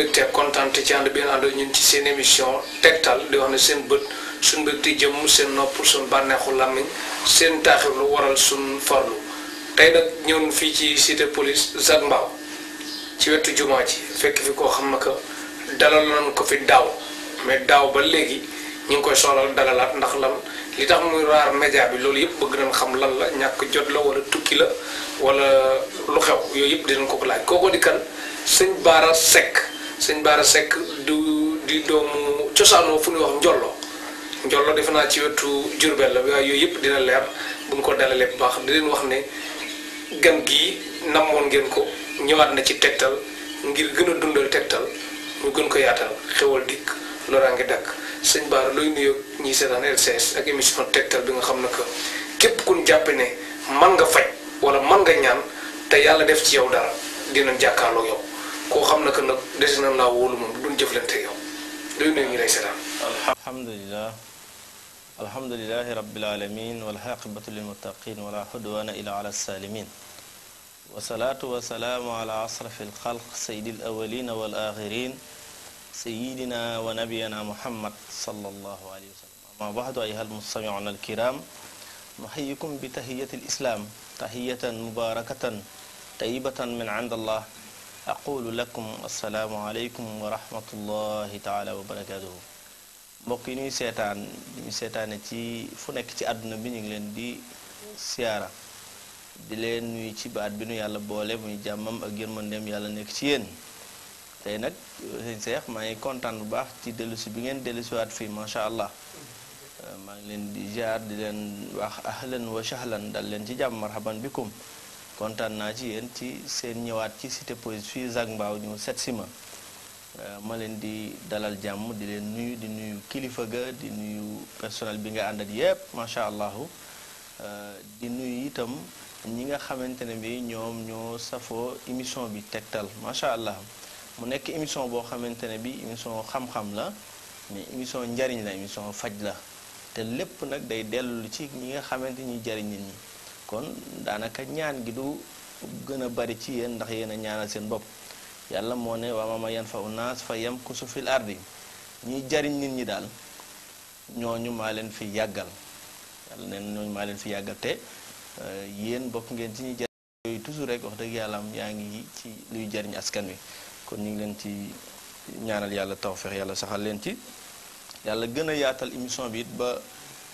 mbégte kontaan te ci ànd bi ànd ñun ci seen émission tegtal di wax ne seen bët suñ mbégte jëmm seen nopp suñ bànneexu làmmiñ seen lu waral suñ farlu tey nag ñëw fii ci cité police Zac Mbao ci wetu jumaa ji fekk fi koo xam na que dalal nañ ko fi daaw mais daaw ba léegi ñu ngi koy soxlal dalalaat ndax lan li tax muy raar média bi loolu yëpp bëgg nañ xam lan la ñàkk jot la wala tukki la wala lu xew yooyu yëpp dinañ ko ko laaj kooko di kan sëñ Baara sëñ Baara Seck du di doomu cosaanoo fu ñuy wax njollo njollo defe naa ci wetu Jurbel la waaye yooyu yëpp dina leer bu ñu ko dalalee bu baax di leen wax ne gan gi namoon ngeen ko ñëwaat na ci tegtal ngir gën a dundal tegtal ñu gën ko yaatal xewal dikk ngi dakk sëñ Baara looy nuyoo ñiy seetaan LCS ak émission tegtal bi nga xam ne que képp kun jàpp ne man nga faj wala man nga ñaan te yàlla def ci yow dara dinañ jàkkaarloo yow. الحمد لله ko nak dess na la wolu mom duñ jëflante yow day neñu ray salam على أشرف الخلق سيد الأولين والآخرين سيدنا ونبينا محمد صلى الله عليه وسلم ما بعد أيها المستمعون الكرام نحييكم بتهية الإسلام تهية مباركة طيبة من عند الله أقول لكم السلام عليكم ورحمة الله تعالى وبركاته مكيني سيتان سيتان تي فنك تي أدنى بنين دي سيارة دلين ويتي بعد بنو يالا بولي من جامم أجير من دم يالا نكتين تي نك سين سيخ ما يكون تان باح تي دلسي بنين دلسي وات في ما شاء الله ما لين دي جار دلين أهلا وشهلا دلين تي جام مرحبا بكم kontaan naa ci yéen ci seen ñëwaat ci cité poésie fii Zac Mbao ñu set si ma euh, ma leen di dalal jàmm di leen nuyu di nuyu kilifa ga di nuyu personnel bi nga àndat yépp macha allah euh, di nuyu itam ñi nga xamante ne bi ñoom ñoo safoo émission bi tegtal macha allah mu nekk émission boo xamante ne bi émission xam-xam la mais émission njariñ la émission faj la te lépp nag day dellu ci ñi nga xamante ñi jariñ nit ñi kon daanaka ñaan gi du gën a bari ci yéen ndax yéen a ñaanal seen bopp yàlla moo ne waa mama yan fa unaas fa yam ku su fil ardi ñuy jariñ nit ñi daal ñooñu maa leen fi yàggal yàlla neen ñooñu maa leen fi yàggal te eh, yéen bokk ngeen ci ñu jariñ yooyu toujours rek wax dëgg yàlla am yaa ngi ci luy jariñ askan wi kon ñu ngi leen ci ñaanal yàlla tawfeex yàlla saxal leen ci yàlla gën a yaatal émission biit ba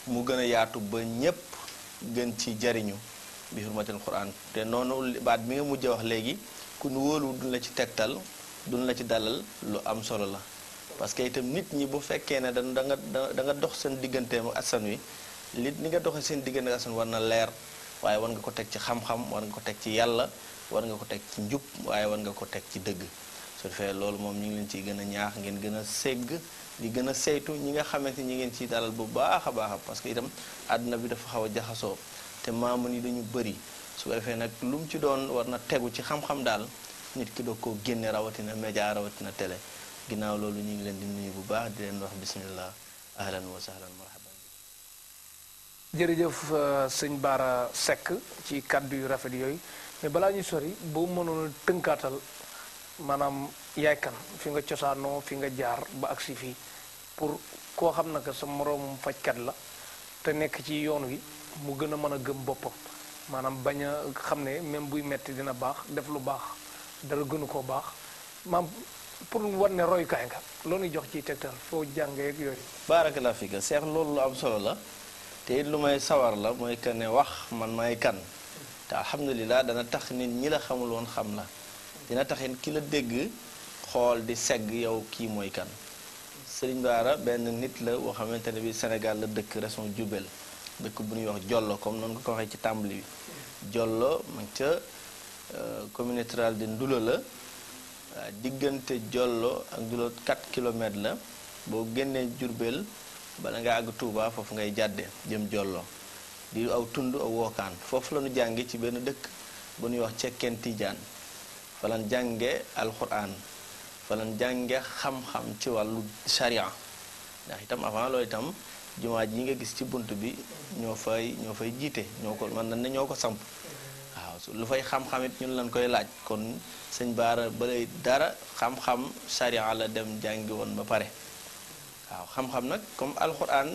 mu gën a yaatu ba ñépp gën ci jariñu bi hurmatil quran te noonu baat bi nga mujj wax léegi ku nu wóolu duñ la ci tegtal duñ la ci dalal lu am solo la parce que itam nit ñi bu fekkee ne da danga da nga dox seen digganteem ak askan wi li ni nga doxee seen diggante ak askan war na leer waaye war nga ko teg ci xam-xam war nga ko teg ci yàlla war nga ko teg ci njub waaye war nga ko teg ci dëgg fexe loolu moom ñu ngi leen ciy gën a ñaax ngeen gën a ségg di gën a saytu ñi nga xamante ñi ngeen ciy dalal bu baax a baax parce que itam àdduna bi dafa xaw a jaxasoo te maamu ni dañu bëri su ko defee nag lu mu ci doon war na tegu ci xam-xam daal nit ki doo ko génne rawatina média rawatina télé ginnaaw loolu ñu ngi leen di nuyu bu baax di leen wax bismillah ahlan wa sahlan marhaban jërëjëf euh, sëñ Baara sekk ci kàddu yu rafet yooyu mais balaa ñuy sori maanaam yaay kan fi nga cosaanoo fi nga jaar ba agsi fii pour koo xam ne que sa moroomum fajkat la te nekk ci yoon wi mu gën a mën a gëm boppam maanaam bañ a xam ne même buy metti dina baax def lu baax dara gënu koo baax maam pour war ne royukaay nga loolu jox ci tegtal foo jàngee ak yooyu. fii fiika seex loolu lu am solo la te it lu may sawar la mooy que ne wax man may kan te alhamdulilah dana tax nit ñi la xamul xam la dina taxin ki la dégg xool di segg yow kii mooy kan Sëriñ Baara benn nit la boo xamante ne bi Sénégal la dëkk région Diourbel dëkk bu ñuy wax Jollo comme noonu nga ko waxee ci tàmbali bi Jollo ma ngi ca euh, commune rurale de Ndoulo la euh, diggante Jollo ak Ndoulo 4 kilomètres la boo génnee Diourbel bala nga àgg Touba foofu ngay jàdde jëm Jollo di aw tund aw wookaan foofu lanu ñu jànge ci benn dëkk bu ñuy wax cekkeen Tijaan falan jange alquran falan jange xam-xam ci walu sharia ndax itam avant lo itam juma ji nga gis ci buntu bi ñoo fay ñoo fay ko man na ne ko samp waaw lu fay xam-xamit ñun lañ koy laaj kon señ baara balay dara xam-xam sharia la dem jange won ba pare waaw xam-xam nak comme alquran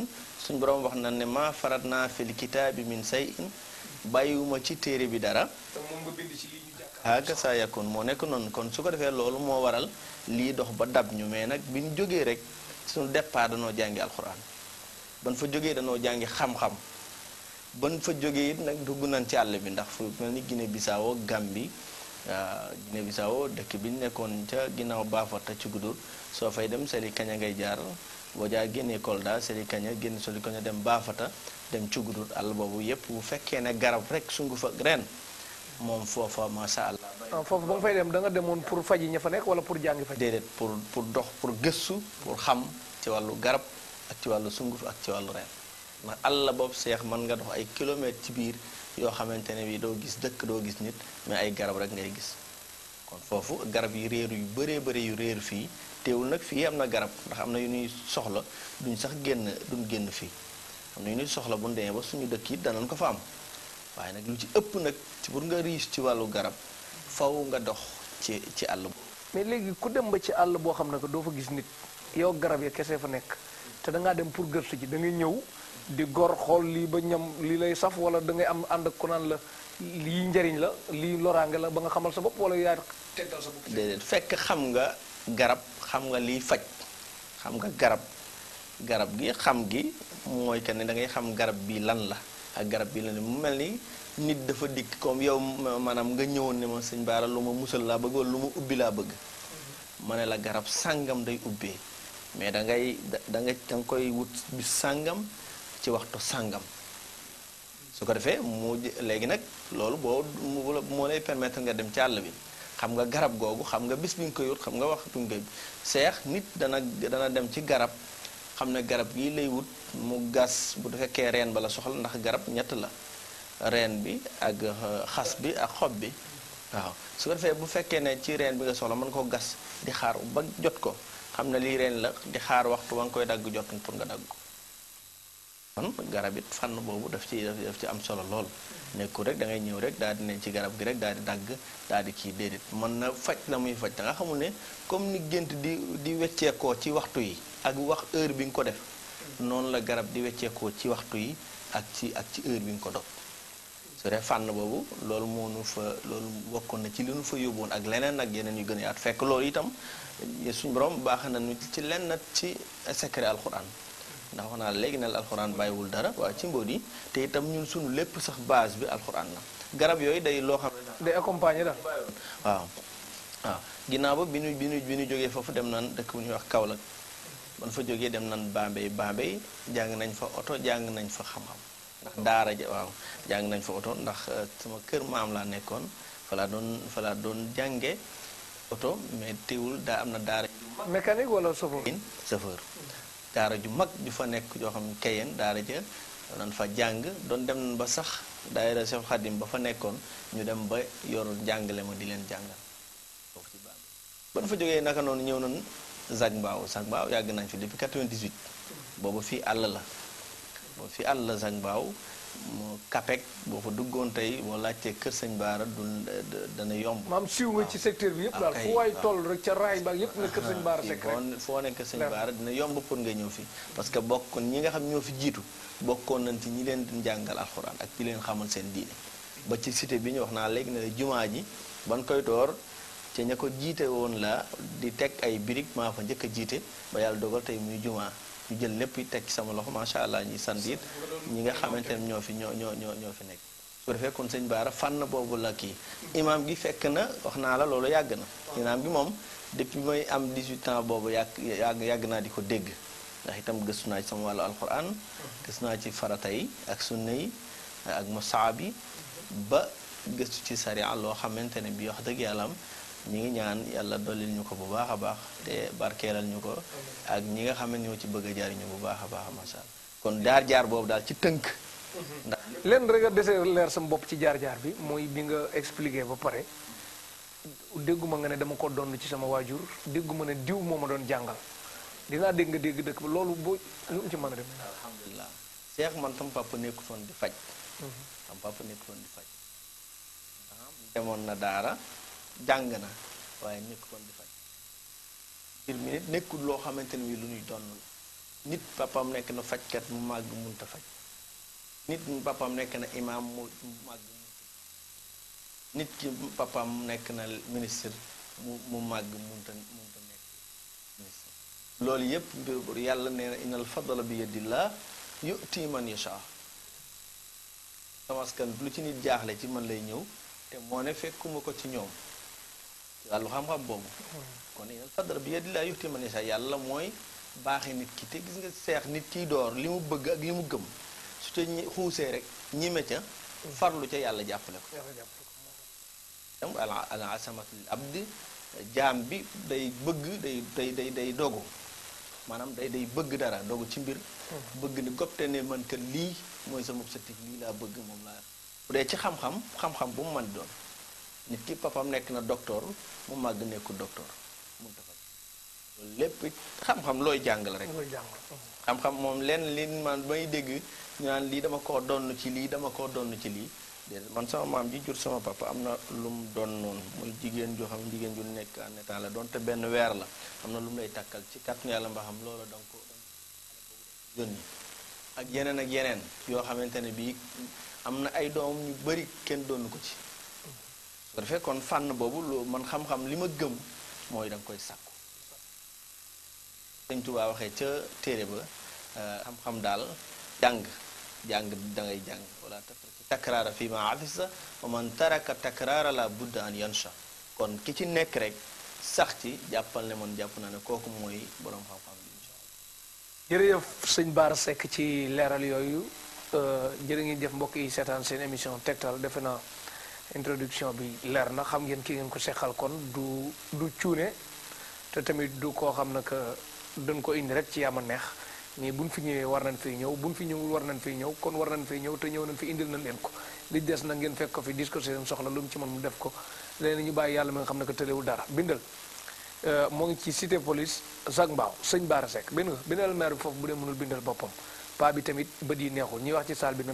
suñ borom wax na ne ma farat fil kitab min sayin bayuma ci téré bi dara haka saa yakun moo nekk noonu kon su ko defee loolu moo waral lii dox ba dab ñu mais nag bi ñu jógee rek suñu départ danoo jàngi alxuraan ban fa jógee danoo jàngi xam-xam ban fa jógee it nag dugg nañ ci àll bi ndax fu mel ni Guinée Bissau Gambie ah, Guinée Bissau dëkk bi ñu nekkoon ca ginnaaw Baafata ci Gudur soo fay dem Sali Kaña ngay jaar boo jaar génnee Kolda Sali Kaña génn Sali Kaña dem Baafata dem ci Gudur àll boobu yépp bu fekkee ne garab rek sungu fa ren. fofa ma sha allah. Ah, fofu bu ngi fay dem da nga demoon pour faji ñafa nek ya, wala pour jangi faji pur pour pour dox pour gessu pour xam ci walu garab ak ci walu sunguf ak ci walu reen nah, ma Allah boobu cheikh man nga dox ay kilomètres ci bir yo xamantene ne do gis dekk do gis nit mais ay garab rek ngay gis kon fofu garab yi réeru yu beure beure yu reer fi teewul nak fi amna garab ndax amna yu ñuy soxla duñ sax genn duñ genn fi amna yu ñuy soxla bu ndé ba suñu dekk yi nañ ko fa am waye nak lu ci ëpp nak ci pour nga riis ci walu garab faaw nga dox ci ci àll mais légui ku dem ba ci àll bo xam ne do fa gis nit yow garab ya kessé fa nek té da nga dem pour gëstu ci da nga ñëw di gor xol li ba ñam li lay saf wala da ngay am and ak ku naan la li njariñ la li loraange la ba nga xamal sa bop wala yaa tegtal sa bopp fekk xam nga garab xam nga li fajj xam nga garab garab gi xam gi moy que da ngay xam garab bi lan la ak garab bi la ne mu ni nit dafa dik comme yow maanaam nga ñëwoon ne ma sëñ baara lu ma musal laa bëgg wala lu ma ubbi laa bëgg ma ne la garab sàngam day ubbee mais da ngay da nga da nga koy wut bi sàngam ci waxtu sàngam su ko defee mu léegi nag loolu boo moo lay permettre nga dem ci àll bi xam nga garab googu xam nga bis bi nga koy wut xam nga waxtu nga nit dana dana dem ci garab xamne garab gi lay wut mu gas bu fekkee reen ba la soxla ndax garab ñett la reen bi ak euh, xas bi ak xob bi waaw su ko bu fekke ne ci reen bi nga soxla man ko gas di xaar ba jot ko xamne li reen la di xaar waxtu ba koy dag jot pour nga dag kon garab it fànn boobu daf ci daf ci am solo lool nekkul rek da ngay ñew rek daal dinañ ci garab gi rek daal di dag daal di ki déedéet man na fajj na muy fajj nga xamul ne comme ni gënt di di ko ci waxtu yi ak wax heure bi nga ko def noonu la garab di wecceekoo ci waxtu yi ak ci ak ci heure bi nga ko dog su dee fànn boobu loolu moo nu fa loolu wokkoon na ci li nu fa ak leneen ak yeneen yu gën a fekk loolu itam suñu borom baax nañu ci lenn ci secret alxuraan ndax wax naa léegi ne la alxuraan bàyyiwul dara waaye ci mbóot yi te itam ñun suñu lépp sax base bi alxuraan la garab yooyu day loo xam ne day accompagner daal waaw ginnaaw ba bi nu bi ñu bi ñu jógee foofu dem naan dëkk bu ñuy wax Kaolack ban fa jógee dem nan Bambey Bambey jàng nañ fa oto jàng nañ fa xam ndax daara ja waaw jàng nañ fa oto ndax euh, sama kër maam laa nekkoon fa doon fa doon jànge oto mais teewul daa am na daara mécanique wala chauffeur chauffeur daara ju mag ju fa nekk joo xam ne Kayen daara ja doon fa jàng doon dem nañ ba sax daayira Cheikh Khadim ba fa nekkoon ñu dem ba yor jàngale ma di leen jàngal foofu ci fa jógee naka noonu ñëw nañ Zac Mbao Zac yàgg nañ fi depuis 98 boobu fii àll la boobu fi àll la Zac Mbao mu Kapek boo fa duggoon tey boo laajtee Kër Sëñ Baara du dana yomb. maam siiw nga ci secteur bi yëpp daal ah, fu ah. rek ca raay ba yëpp ne Kër Sëñ Baara ah, foo ne Kër Sëñ dina yomb pour nga ñëw fi parce que bokkoon ñi nga xam ñoo fi jiitu bokkoon nañ ci ñi leen di jàngal alxuraan ak ci leen xamal seen diine ba ci cité bi ñu wax naa léegi ne jumaa ji ban koy door te ña ko jiite woon la di teg ay birig maa fa njëkk jiite ba yàlla dogal tey muy jumaa ñu jël lépp tek ci sama loxo macha allah ñuy sant it ñi nga xamante ne ñoo fi ñoo ñoo ñoo ñoo fi nekk. su ko defee kon sëñ Baara fànn boobu la kii imaam gi fekk na wax naa la loolu yàgg na. imaam gi moom depuis may am 18 ans boobu yàgg yàgg yàgg naa di ko dégg ndax itam gëstu naa ci sama wàllu alquran. gëstu naa ci farata yi ak sunna yi ak musaab yi ba gëstu ci sariya loo xamante ne bi wax dëgg yàlla ñi ngi ñaan yalla dolil ñuko bu baaxa baax té barkeelal ñuko ak ñi nga xamné ñoo ci bëgg jaar ñu bu baax ma sha allah kon daar jaar bobu daal ci teunk ndax rek a dese ci jaar jaar bi moy bi nga expliquer ba pare dégguma nga né dama ko donn ci sama wajur, dégguma né diw moma don jangal dina dégg nga dégg dëkk loolu bo ñu ci mëna dem. alhamdullilah Cheikh man tam papa fon di fajj tam papa fon di faj. Mhm. demoon na daara. jàng na waaye nekk kon di nekkul loo xamante ni lu ñuy donn nit papam nekk na fajkat mu màgg munta faj nit mu papam nekk na imaam mu màgg nit ki papam nekk na ministre mu mu màgg munta nekk loolu yépp mbir yàlla nee inal fadla bi yadillah yu'ti man yasha samaskan lu ci nit jaaxle ci man lay ñëw te moo ne fekkuma ko ci ñoom ci wàllu xam-xam boobu hmm. kon inal fadara bi yadi laa yuxti man yashaa yàlla mooy baaxee nit ki te gis nga seex nit kiy door li mu bëgg ak li mu gëm su ca xuusee rek ñime ca hmm. farlu ca yàlla jàppale ko tam al asamatul abd jaam bi day bëgg day day day day dogu maanaam day day bëgg dara dogu ci mbir hmm. bëgg ni gopte ne man kat lii mooy sama objectif lii laa bëgg moom laa bu dee ci xam-xam xam-xam bu mu mën doon nit ki papam nekk na docteur mu màgg nekku docteur mun tafa loolu lépp xam-xam looy jàngal rek mm-hmm. xam-xam moom lenn li man may dégg ñu naan lii dama ko donn ci lii dama ko donn ci lii man sama maam ji jur sama papa am na lu mu doon noonu muy jigéen joo xam jigéen ju nekk en état la doonte benn weer la am na lum mu lay takkal ci kàttanu yàlla mba xam loola danga ko yónni ak yeneen ak yeneen yoo xamante ne bii am na ay doom ñu bari kenn doonu ko ci su ko kon fan boobu lu man xam-xam lima gem gëm mooy koy sàkku sëñ Tuubaa waxee ca téere ba euh, xam-xam dal jang jàng da ngay jàng wala fi ma afisa wa man taraka takraara la budda an yansha kon ki nekrek, sakti rek sax ci jàppal ne man jàpp naa ne kooku mooy boroom xam-xam bi incha bar jërëjëf sëñ Bara Seck ci jere yooyu euh, jërë ngeen jëf mbokk yi Tektal defena introduction bi leer na xam ngeen ki ngeen ko seqal kon du du cuune te tamit du koo xam ne que dañ ko indi rek ci yaama neex mais buñ fi ñëwee war nañ fee ñëw buñ fi ñëwul war nañ fi ñëw kon war nañ fee ñëw te ñëw nañ fi indil nañ leen ko li des na ngeen fekk ko fi dis ko seen soxla lu mu ci mën mu def ko léegi ñu bàyyi yàlla mi nga xam ne que tëlewul dara bindal euh, moo ngi ci cité police Zac Mbao sëñ Baara Seck bind bindal maire bi foofu bu dee mënul bindal boppam paa bi tamit bët yi neexul ñuy wax ci saal bi na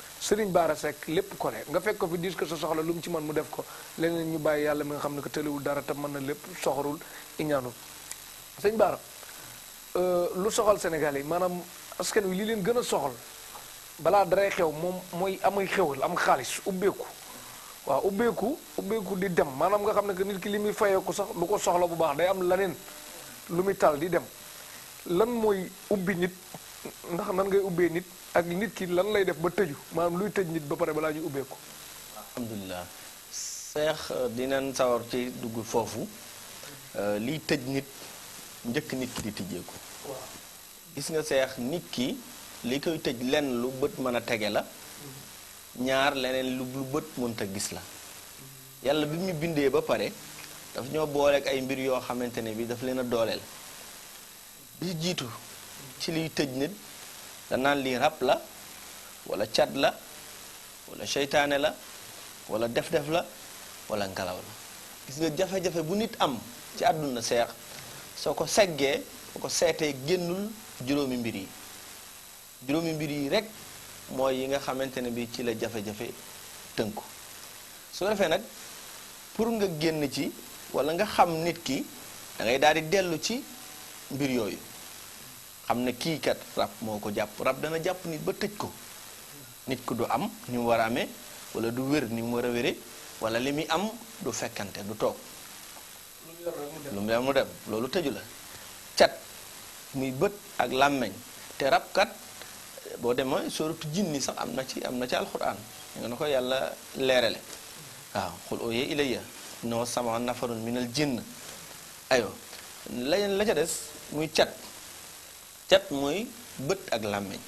Serigne Bara Seck lépp ko ne nga fekk ko fi dis ko sa soxla lu mu ci man mu def ko leneen ñu bàyyi yàlla mi nga xam ne que tëliwul dara te mën na lépp soxorul iñaanul sëñ Bara euh, lu soxal Sénégal yi maanaam asken wi li leen gën a soxal balaa daray xew moom mooy amay xewal am xaalis ubbeeku waaw ubbeeku ubbeeku di dem maanaam nga xam ne que nit ki li muy fayeeku sax lu ko soxla bu baax day am leneen lu muy tal di dem lan mooy ubbi nit ndax na ngay ubbee nit ak nit ki lan lay def ba tëju maanaam luy tëj nit ba pare balaa ñu ubbeeku. alhamdulilah seex dinañ sawar ci dugg foofu euh, liy tëj nit njëkk nit ki di tijjeeku. gis nga seex nit ki li koy tëj lenn lu bët mën a tege la. ñaar leneen lu lu bët mënta gis la. yàlla bi mu bindee ba pare daf ñoo booleek ay mbir yoo xamante ne bi daf leen a dooleel. bi jiitu ci liy tëj nit. danaan lii rab la walla cat la walla seytaane la walla def-def la wala ngelaw la gis nga jafe-jafe bu nit am ci àdduna seex soo ko seggee soo ko seetee génnul juróomi mbir yi juróomi mbir yi rekk mooy yi nga xamante ne bi ci la jafe-jafe tënku su ko defee nag pour nga génn ci walla nga xam nit ki da ngay daal di dellu ci mbir yooyu xam na kii kat rab moo ko jàpp rab dana jàpp nit ba tëj ko nit ku du am ni war a amee wala du wér ni mu war a wére wala li muy am du fekkante du toog lu mu dem loolu tëju la cat muy bët ak làmmeñ te kat boo demee sooratu jinni sax am na ci am na ci alxuraan nga na ko yàlla leerale waaw xul ooyee ilayya noo sama nafarun minal jinn ayo la la ca des muy cat tet mooy bët ak làmmiñ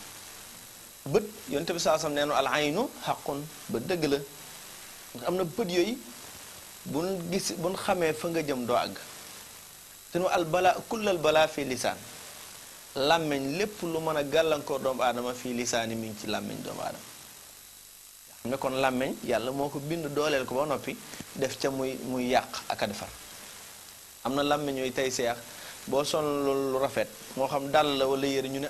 bët yonent bi saa sam neenu al aynu xaqun ba dëgg la am na bët yooyu buñ gis buñ xamee fa nga jëm doo àgg te nu al balaa kullal balaa fii lisaan làmmiñ lépp lu mën a gàllankoor doomu aadama fii lisaani mi ngi ci làmmiñ doomu aadama xam ne kon làmmiñ yàlla moo ko bind dooleel ko ba noppi def ca muy muy yàq ak defar am na làmmiñ yooyu tey seex boo sol lu rafet moo xam dàll la wala yére ñu ne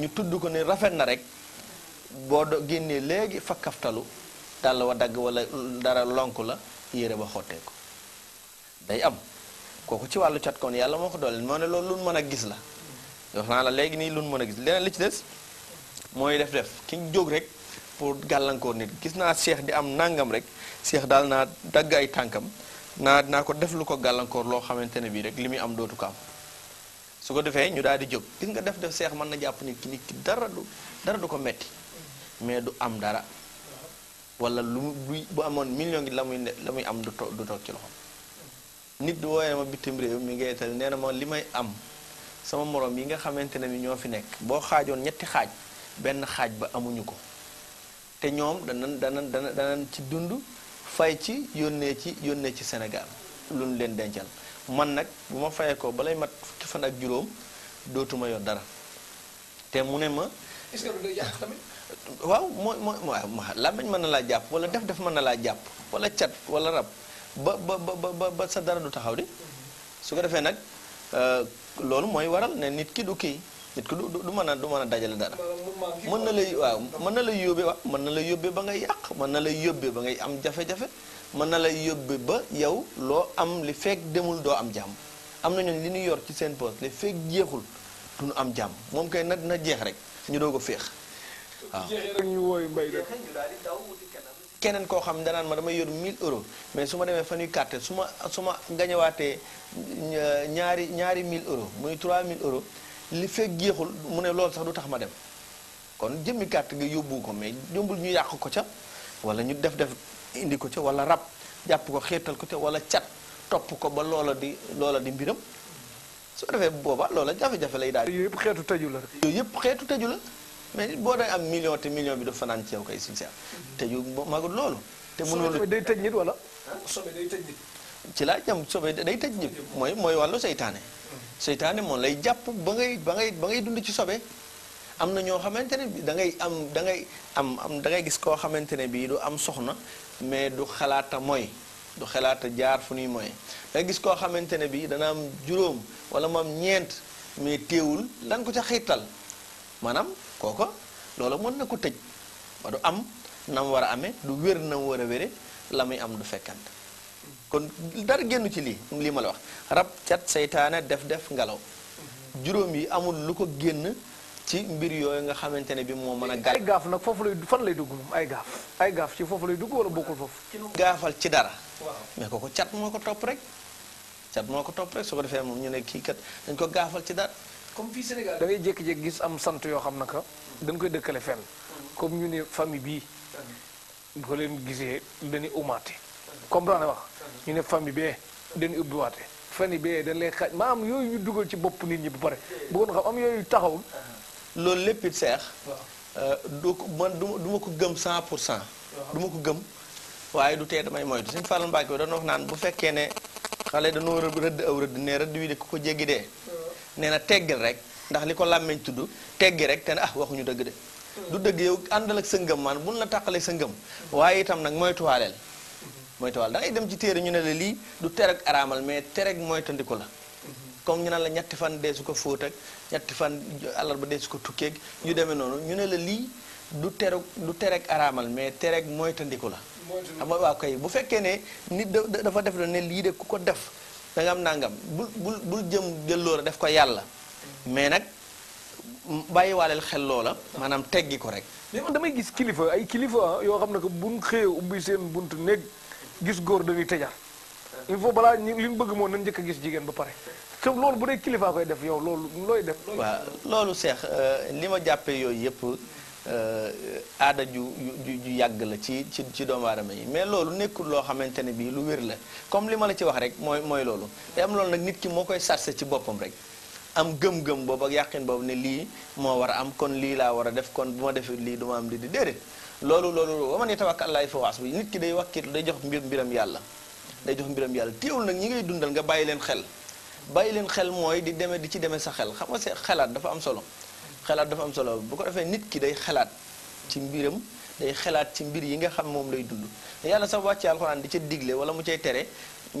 ñu tudd ko ne rafet na rek boo do génnee léegi fakkaftalu dàll wa dagg wala dara lonk la yére ba xottee ko day am kooku ci wàllu cat koon yàlla moo ko doole moo ne loolu lun mën a gis la wax naa la léegi nii lun mën a gis leneen li ci des mooy def def ki jóg rek pour gàllankoor nit gis naa seex di am nangam rek seex daal naa dagg ay tànkam naa naa ko def lu ko gàllankoor loo xamante ne bii rek li muy am dootu ko am su ko defee ñu daal di jóg gis nga def def seex mën na jàpp ni ki nit ki dara du dara du ko metti mais du am dara wala lu bu amoon million gi la muy la muy am du toog du ci loxo nit du ma bitim réew mi ngay nee na ma li may am sama moroom yi nga xamante ne ñoo fi nekk boo xaajoon ñetti xaaj benn xaaj ba amuñu ko te ñoom danan danan dana danan ci dund fay ci yónnee ci yónnee ci senegal lu ñu leen dencal man nag bu ma fayee ko balay mat fukki fan ak juróom dootuma yoon dara te mu ne ma. est-ce que waaw mooy mooy làmmiñ mën na laa jàpp wala def def mën na laa jàpp wala cat wala rab ba ba ba ba sa dara du taxaw di mm-hmm. su ko defee nag euh, loolu mooy waral ne nit ki du kii nit ki du du mën a du mën a dajale dara. mën na lay waaw mën na lay yóbbee waaw mën na lay yóbbee ba ngay yàq mën na lay yóbbee ba ngay am jafe-jafe. mën na la yóbbe ba yow loo am li fekk demul do am jam am na ñooñu li ñu yor ci seen poste li fekk jeexul du am jam moom kay nag na jeex rek ñu doog a féex waaw ñu wooyu mbay keneen koo xam ne danaan ma damay yor 1000 euros mais su ma demee fanuy carte su ma su ma gañewaatee ñaari ñaari 1000 euros muy 3000 euros li fekk jeexul mu ne loolu sax du tax ma dem kon jëmmi carte gi yóbbu ko mais jombul ñu yàq ko ca wala ñu def def indi ko ca wala rab jàpp ko xeetal ko ca wala cat topp ko ba loola di loola di mbiram soo defee boobaa loola jafe-jafe lay daal. yëpp xeetu tëju la. yëpp xeetu tëju la mais boo dee am million te million bi du fanaan ci yow kay sincère tëju magut loolu. te mënul day tëj nit wala. sobe ci laa jam sobe day tëj nit mooy mooy wàllu seytaane. seytaane moom lay jàpp ba ngay ba ngay ba ngay dund ci sobe. am na ñoo xamante ne bi da am da ngay am am da ngay gis koo xamante ne bii du am soxna mais du xalaata mooy du xalaata jaar fu ñuy mooy da gis koo xamante ne bi dana am juróom wala moom ñeent mais téewul lan ko ca xiirtal maanaam kooko loolu mën na ko tëj ba du am na mu war a amee du wér na mu war a wére la muy am du fekkante kon dara génn ci lii lii ma la wax rab cat seytaane def def ngelaw juróom yi amul lu ko génn ci mbir yooyu nga xamante ne bi moo mën a. ay gaaf nag foofu lay fan lay dugg moom ay gaaf ay gaaf ci foofu lay dugg wala bokkul foofu. gaafal ci dara. mais kooku cat moo ko topp rek. cat moo ko topp rek su defee moom ñu ne kii kat dañ ko gaafal ci dara. comme fii Sénégal da ngay jékki-jékki gis am sant yoo xam ka dañ koy dëkkale fenn. comme ñu ne famille bii. bu ko leen gisee dañuy umaate. comprendre wax ñu ne famille bee dañuy ubbiwaate. famille bee dañ lay xaaj maam yooyu ñu dugal ci bopp nit ñi bu pare bëggoon xam am yooyu taxawul. loolu lépp it seex euh, du man du ma ko gëm cent pour cent du ma ko gëm waaye du tee damay moytu suñu Fallou Mbacke bi naan bu fekkee ne xale dañoo rëdd aw rëdd ne rëdd wi ko jéggi dee nee na teggil rek ndax li ko làmmeñ tudd teggi rek te ne ah, waxuñu dëgg de du dëgg yow ak sa ngëm man la tàqalee sa waaye itam nag moytuwaaleel mm-hmm. moytuwaal da ngay dem ci téere ñu ne la lii du tereg araamal mais tereg moytandiku la mm-hmm. comme ñu ne la ñetti fan dee su ko fóot ak ñetti fan àllarba dee su ko tukkeeg ñu demee noonu ñu ne la lii du tere du tereg araamal mais tereg moytandiku la xam nga waaw kay bu fekkee ne nit dafa def la ne lii de ku ko def da nga am nangam bul bul jëm jël loola def ko yàlla mais nag bàyyiwaaleel xel la maanaam teggi ko rek mais man damay gis kilifa ay kilifa ah, yoo xam ne que buñ xëyee ubbi seen bunt néeg gis góor dañuy tëjar il faut balaa ñu li ñu bëgg moo nañ njëkk a gis jigéen ba pare xam loolu bu dee kilifa koy def yow loolu looy def. waaw loolu seex li euh, ma jàppee yooyu yëpp euh, aada ju ju ju yàgg la ci ci ci doomu aadama yi mais loolu nekkul loo xamante ne bii lu wér la comme li ma la ci wax rek mooy mooy loolu te am loolu nag nit ki moo koy sarse ci boppam rek. am gëm-gëm boobu ak yàqin boobu ne lii moo war a am kon lii laa war a def kon bu defee lii du am lii di déedéet loolu loolu wa man yatawakkal Allaahi fa waas bi nit ki day wakkiitu day jox mbir mbiram yàlla day jox mbiram yàlla teewul nag ñi ngay dundal nga bàyyi leen xel bàyyi leen xel mooy di demee di ci demee sa xel xam nga se xelaat dafa am solo xelaat dafa am solo bu ko defee nit ki day xelaat ci mbiram day xelaat ci mbir yi nga xam moom lay dund yàlla sa wàcce alxuraan di ci digle wala mu cay tere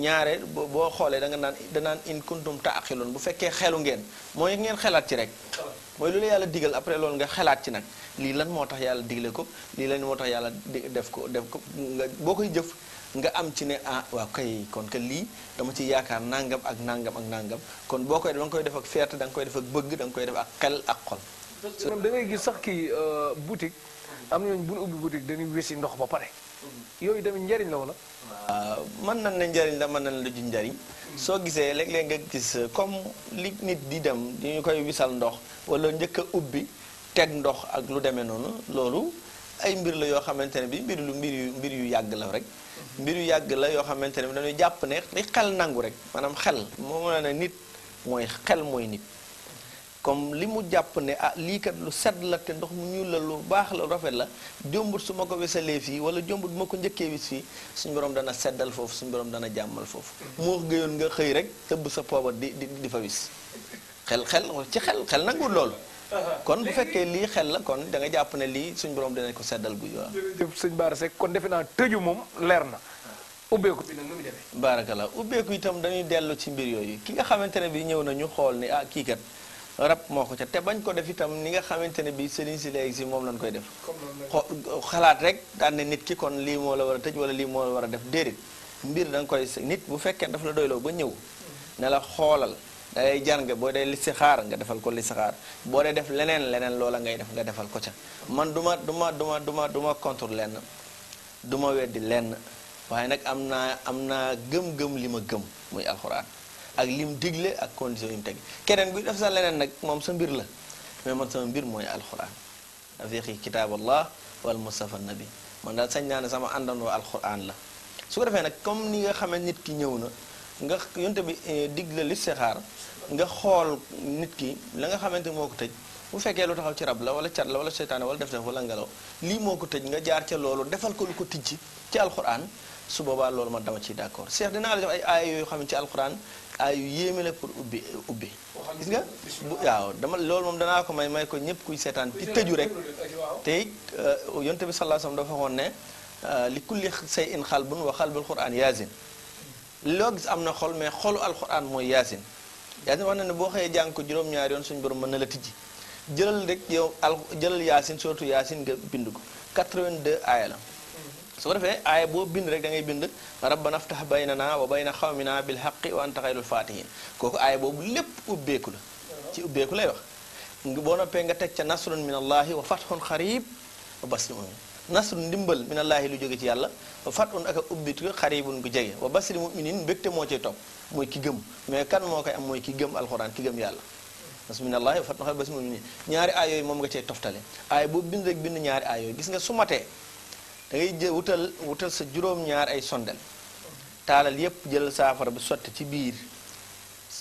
ñaare boo xoolee da nga naan danaan in kuntum taaxiloon bu fekkee xelu ngeen mooy ngeen xelaat ci rek mooy loolu yàlla digal après loolu nga xelaat ci nag lii lan moo tax yàlla digle ko lii lan moo tax yàlla def ko def ko nga boo koy jëf nga am ci ne ah waaw kay kon que lii dama ci yaakaar nangam ak nangam ak nangam kon boo koy danga koy def ak fierté da koy def ak bëgg danga koy def ak xel ak xol. da ngay gis sax kii euh, boutique am nañu bu ñu ubbi boutique ndox ba pare. yooyu tamit njariñ la wala. waaw mën nañ la njariñ la mën nañ la ju njariñ soo gisee léeg-léeg nga gis euh, comme li nit di dem ñu koy wisal ndox wala njëkk a ubbi teg ndox ak lu demee noonu loolu ay mbir la yoo xamante ne bi mbir lu mbir yu yàgg la rek. mbir yu yàgg la yo xamante dañu japp ne li xel nangu rek manam xel mo meuna ne nit moy xel moy nit comme limu japp ne ah li kat lu sedd la te ndox mu ñuul la lu bax la rafet la jombut su ma ko wesalee fii wala jombut mako ko njëkkee fi suñu borom dana seddal fofu suñu borom dana jammal fofu mo geeyon nga xey rek teub sa poobar di di fa wis xel xel ci xel xel nangul loolu kon bu fekkee lii xel la kon da jàpp ne lii suñ boroom dinañ ko seddal guy waaw. jërëjëf sëñ Bara kon defe naa tëju moom leer na. ubbeeku bi la nu ubbeeku itam dañuy dellu ci mbir yooyu ki nga xamante ne bi ñëw na ñu xool ni ah kii kat rab moo ko ca te bañ ko def itam ni nga xamante ne bi sëriñ si léegi si moom lañ koy def. xalaat rek daan ne nit ki kon lii moo la war a tëj wala lii moo la war a def déedéet mbir da koy nit bu fekkee daf la doyloo ba ñëw ne la xoolal dalay jar nga boo dee listixaar nga defal ko listixaar boo dee def leneen leneen loola ngay def nga defal ko ca man du ma du ma du ma du ma du ma contre lenn du ma weddi lenn waaye nag am naa am naa gëm-gëm li ma gëm muy alxuraan ak lim digle ak condition yi mu teg keneen bu def sa leneen nag moom sa mbir la mais man sama mbir mooy alxuraan afiqi kitaaballah wal mustafa nabi man daal sañ naa ne sama àndandoo alxuraan la su ko defee nag comme ni nga xamee nit ki ñëw na nga yonte bi eh, digle listixaar nga xool nit ki la nga xamante moo ko tëj bu fekkee lu taxaw ci rab la wala cat la wala seytaane wala def def wala ngelaw lii moo ko tëj nga jaar ca loolu defal ko lu ko tijji ci alxuraan su boobaa loolu ma dama ciy d'accord Cheikh dinaa la jox ay aaya yoo xam ne ci alxuraan aaya yu pour ubbi ubbi gis nga waaw dama danaa ko may may ko ñëpp kuy seetaan ci tëju rek te it euh, yonte bi sallallahu alayhi wasallam dafa waxoon ne euh, li kulli say in xalbun wa xalbul quraan yaasin loo gis am na xol mais xolu alxuraan mooy yaasin yaasin wax na ne boo xëyee jàng ko juróom-ñaari yoon suñu borom mën na la tijji jëlal rek yow al jëlal yaasin surtout yaasin nga bind ko 82 aaya la soo ko defee aaya boo bind rek da ngay bind rabbana aftah baynana wa bayna xawmina bil xaqi wa anta xayrul faatihin kooku aaya boobu lépp ubbeeku la ci ubbeeku lay wax boo noppee nga teg ca nasrun min allahi wa fathun xarib wa basri mumin nasru ndimbal minallaahi lu jóge ci yàlla wa fathun ak a ubbitu xaribun gu jege wa basri muminin mbégte moo cee topp moy ki gem mais kan moo koy am moy ki gem alcorane ki gëm yàlla ya bismillahi ya fatnaxa basi mu ñaari aay yooyu moom nga cey toftale ay bu bind rek bind ñaari aay yooyu gis nga su maté da ngay jël wutal wutal sa juroom ñaar ay sondel talal yépp jël safar bi sotti ci bir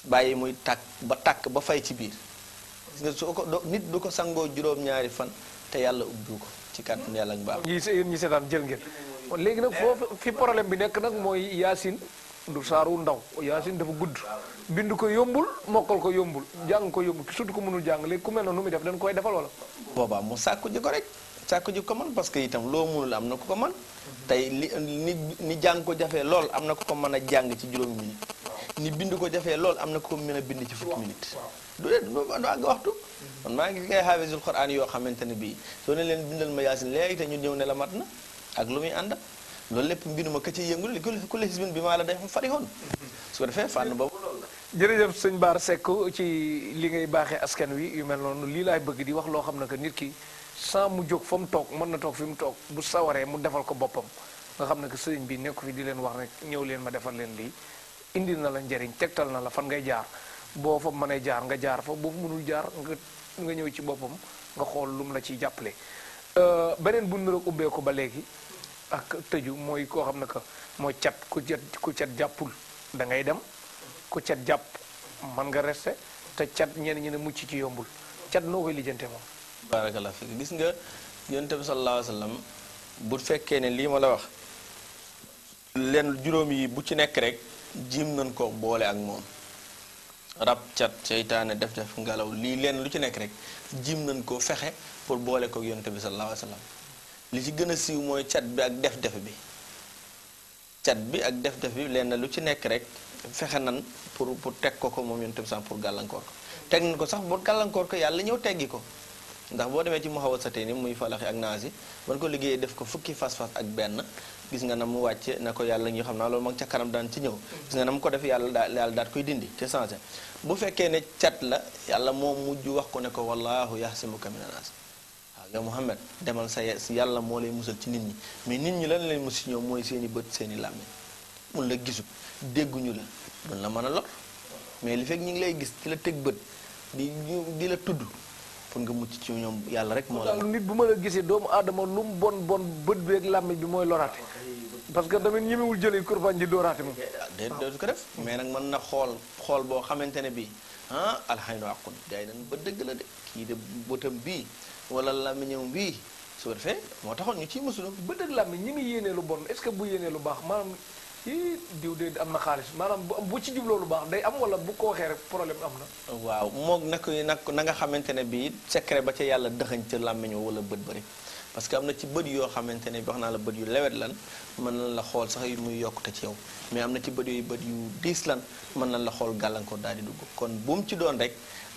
baye muy tak ba tak ba fay ci bir gis nga su ko nit du ko sango juroom ñaari fan te yalla ubbu ko ci kat yalla ak baax ñi seetaan jël ngeen léegi nak foofu fi problème bi nek nak moy yasin du saaru ndaw oh, yaasin dafa gudd bind ko yombul mokkal ko yombul jàng ko yombul surtout ko mënul jàng léegi ku mel muy def dañ koy defal wala boobaa mu sàkku ji ko rek ko man parce que itam loo mënul am na ku ko man tey li ni ni jàng ko jafee am na ku ko mën a jàng ci juróomi minute ni bind ko jafee lool am na ku ko mën a bind ci fukki minute du dee du àgg waxtu man maa ngi ngay xaafisul Quraan yoo xamante ne bii soo ne leen bindal ma yaasin léegi te ñu ñëw ne la mat na ak lu muy ànd loolu lépp mbiruma ka ci yëngul li ku la xisbin bi maa la day xam farihoon su ko defee fànn boobu loolu la jërëjëf sëñ Bara Seck ci li ngay baaxee askan wi yu mel noonu lii laay bëgg di wax loo xam ne que nit ki sans mu jóg fa mu toog mën na toog fi mu toog bu sawaree mu defal ko boppam nga xam ne que sëriñ bi nekku fi di leen wax rek ñëw leen ma defal leen lii indil na la njëriñ tegtal na la fan ngay jaar boo fa mënee jaar nga jaar fa boo fa mënul jaar nga nga ñëw ci boppam nga xool lu mu la ciy jàppale euh, beneen bu niroog ubbeeku ba léegi ak tëju mooy koo xam ne que mooy cat ku cat ku cat jàppul da ngay dem ku cat jàpp man nga rester te cat ñenn ñi mucc ci yombul cat noo koy lijjante moom. baarakallah fi gis nga yonent bi sallallahu alayhi wa bu fekkee ne lii ma la wax leen juróom yi bu ci nekk rek jiim nañ koo boole ak moom rab cat seytaane def def ngelaw lii leen lu ci nekk rek jiim nañ koo fexe pour boole ko yonent bi sallallahu alayhi wa sallam li ci gën a siiw mooy cat bi ak def-def bi cat bi ak def-def bi lenn lu ci nekk rek fexe nan pour pour teg ko ko moom yonent bi sax pour gàllankoor ko teg nañ ko sax boo gàllankoor ko yàlla ñëw teggi ko ndax boo demee ci mu xaw sa satee muy falaxi ak naasi ban ko liggéeyee def ko fukki fas-fas ak benn gis nga na mu wàcce na ko yàlla ñu xam naa loolu mag ca kanam daan ci ñëw gis nga na mu ko def yàlla daa yàlla daat koy dindi te changé bu fekkee ne cat la yàlla moom mujj wax ko ne ko wallahu yaxsimuka mina naas yow Muhammad demal sa yàlla moo lay musal ci nit ñi mais nit ñi lan lay mus ci ñoom mooy seeni bët seeni làmmiñ mun la gisul dégguñu la mun la mën a lor mais li fekk ñi ngi lay gis di la teg bët di di la tudd pour nga mucc ci ñoom yàlla rek moo la nit bu ma la gisee doomu aadama lu mu bon bon bët bi ak làmmiñ bi mooy loraate parce que tamit ñemewul jëlee kurban ji dooraate moom ah, de dootu ko def mais nag mën na xool xool boo xamante ne bii ah alxay no àqun gars bii wala làmmiñam wii su ko defee moo taxoon ñu ciy mosuloo. bët ak làmmiñ ñi ngi yéenee lu bon est-ce que bu yéenee lu baax maanaam ii diw de am na xaalis maanaam bu ci jubloo lu baax day am wala bu ko waxee rek problème am na. waaw moog nag nag na nga xamante ne bii secret ba ca yàlla dëxañ ca làmmiñ wala bët bëri parce que am na ci bët yoo xamante ne bi wax naa la bët yu lewet lan mën nañ la xool sax yu muy yokkute ci yow mais am na ci bët yooyu bët yu diis lan mën nañ la xool gàllankoor daal di dugg kon bu mu ci doon rek.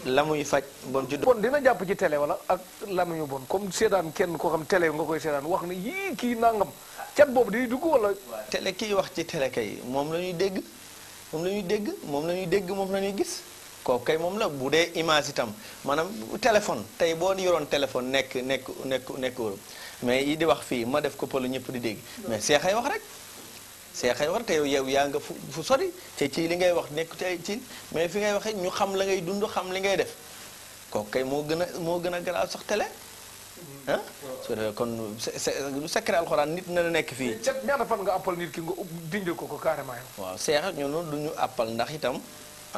la muy faj bon judd bon dina jàpp ci tele wala ak lamuñu bon comme seedaan kenn koo xam télé nga koy seedaan wax na yii kii nangam cat boobu day dugg wala télé kii wax ci télé kay moom la ñuy dégg moom la ñuy dégg moom la ñuy dégg moom la ñuy gis kooku moom la bu dee image itam maanaam téléphone tey boo yoroon téléphone nekk nekk nekk nekk Europe mais yi di wax fii ma def ko pël ñëpp di dégg mais seexay wax rek seexay war te yow yaa nga fu sori te ci li ngay wax nekk te ci mais fi ngay waxee ñu xam la ngay dund xam li ngay def kooku moo gën a moo gën a garaaw sax télé ah su defee kon lu secret alxuraan nit na la nekk fii. ñaata fan nga àppal ko ko carrément yow. waaw seex ñu du ñu àppal ndax itam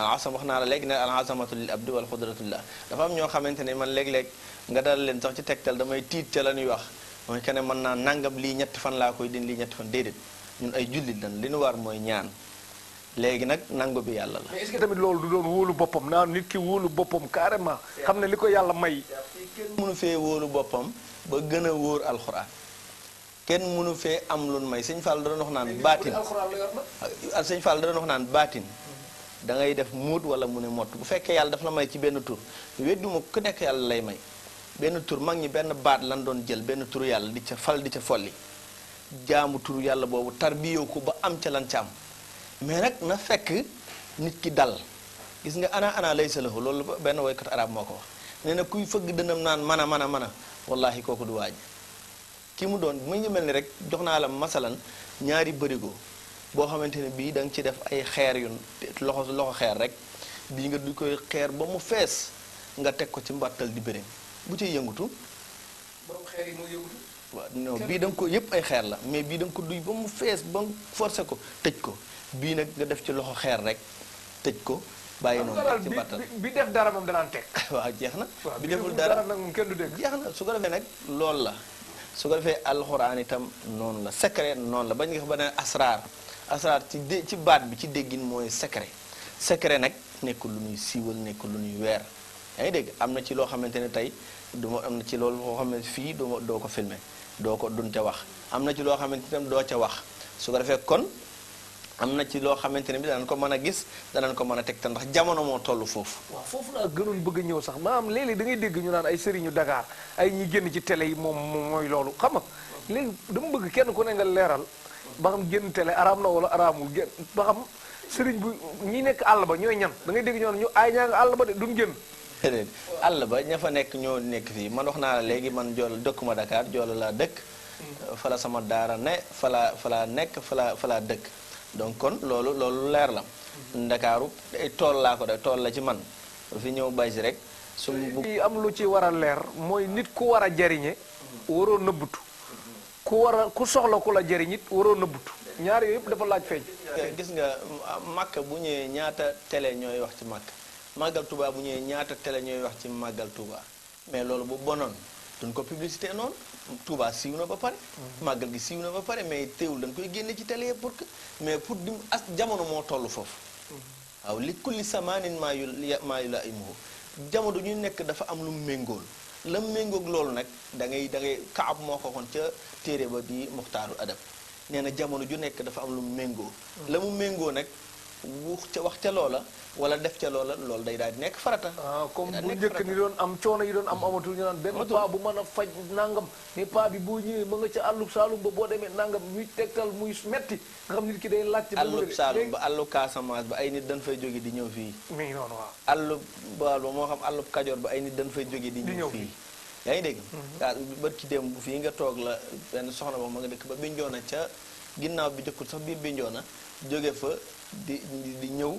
alxasam wax naa la léegi ne alxasamatu lil abdi wal xudratullah dafa am ñoo xamante ne man léeg-léeg nga dal leen sax ci tegtal damay tiit te la ñuy wax mooy keneen ne mën naa nangam lii ñett fan laa koy din lii ñetti fan déedéet. ñun ay jullit lan li nu war mooy ñaan léegi nag nangu bi yàlla la. mais est loolu du doon wóolu boppam naan nit ki wóolu boppam carrément. xam ne li ko yàlla may. kenn mënu fee wóolu boppam ba gën a wóor alxuraan kenn mënu fee am lu may sëñ Fall da doon wax naan baatin ah, sëñ Fall da doon wax naan baatin. dangay def muut wala mu ne mott bu fekkee yàlla daf la may ci benn tur wedduma ku nekk yàlla lay may benn tur mag ñi benn baat lan doon jël benn tur yàlla di ca fal di ca folli. jaamu turu yàlla boobu tarbiyoo ko ba am ca lan ca am mais nag na fekk nit ki dal gis nga ana anaa lay salahu loolu benn woykat arab moo ko wax nee na kuy fëgg dënam naan man a man a man a wallaahi kooku du waaj ki mu doon mu ngi mel ni rek jox naa la masalan ñaari bërigo boo xamante ne bii da nga ci def ay xeer yu loxo loxo xeer rek bii nga du koy xeer ba mu fees nga teg ko ci mbattal di bëri bu ciy yëngutu non bii da ko yëpp ay xeer la mais bii da nga ko duy ba mu fees ba mu forcé ko tëj ko bii nag nga def ci loxo xeer rek tëj ko bàyyi noonu ci battal bi dara moom danaan teg waaw jeex na bi dara nag moom kenn du dégg na su ko defee nag loolu la su ko defee alxuraan itam noonu la secret noonu la bañ nga xam ba ne asraar asraar ci dé ci baat bi ci déggin mooy secret secret nag nekkul lu ñuy siiwal nekkul lu ñuy weer yaa ngi dégg am na ci loo xamante ne tey du ma am na ci loolu loo xam ne fii doo ko filmer doo ko dunte wax am na ci loo xamante ni doo ca wax su ko defee kon am na ci loo xamante ne bi danañ ko mën a gis danañ ko mën a teg tegtal ndax jamono moo toll foofu. waaw foofu laa gënoon bëgg ñëw sax maanaam léeg-léeg da ngay dégg ñu naan ay sëriñu dakaar ay ñi génn ci télé yi moom mooy loolu xam nga léegi dama bëgg kenn ku ne nga leeral ba xam génn télé araam na wala araamul génn ba xam sëriñ bu ñi nekk àll ba ñooy ñan da ngay dégg ñoo ñu aay ñaa nga àll ba de duñ génn. déedéet àll ba ña fa nekk ñoo nekk fii man wax naa la léegi man jool dëkkuma Dakar jool laa dëkk. Mm-hmm. fala sama daara ne fala fala nekk fala fala dëkk. donc kon loolu loolu leer la. Mm-hmm. ndakaaru eh, tool laa ko def tool la ci man fi ñëw bay si rek. su am lu ci war a leer mooy nit ku war a jariñe mm-hmm. waroo nëbbutu. ku war a ku soxla ku la jariñit it waroo nëbbutu. ñaar yooyu yëpp dafa laaj feeñ. gis nga màkk bu ñëwee ñaata tele ñooy wax ci màkk. màggal tubaa bu ñëwee ñaata télé ñooy wax ci màggal Touba mais loolu bu bonoon duñ ko publicité noonu tubaa siiw na ba pare. màggal mm-hmm. gi siiw na ba pare mais teewul dañ koy génne ci télé pour que mais pour dim as jamono moo toll foofu. Mm-hmm. waaw li kulli samaanin maa yu maa yu la imuhu jamono ñu nekk dafa am lu méngool la méngoog loolu nag da ngay da kaab moo ko ca téere ba di muxtaaru adab nee na jamono ju nekk dafa am lu méngoo mm-hmm. la mu méngoo nag wuux ca wax ca loola wala def ca loola loolu day daal di nekk farata. ah comme bu njëkk ni doon am coono yi doon am mm-hmm. amatul ñu naan benn paa bu mën a faj nangam ne paa bi boo ñëwee ma nga ca àllub saalum ba boo demee nangam muy tegtal muy metti nga xam nit ki day laajte. ba mu àllub saalum ba àllub Casamance ba ay nit dañ fay jóge di ñëw fii. mi noonu waaw. àllub ba moo xam àllub Kajoor ba ay nit dañ fay jóge di ñëw fii. yaa ngi dégg. waaw mm-hmm. barki démb bu fii nga toog la benn soxna ba ma nga dëkk ba Bignona ca ginnaaw bi jëkkul sax biir Bignona jóge fa di ñëw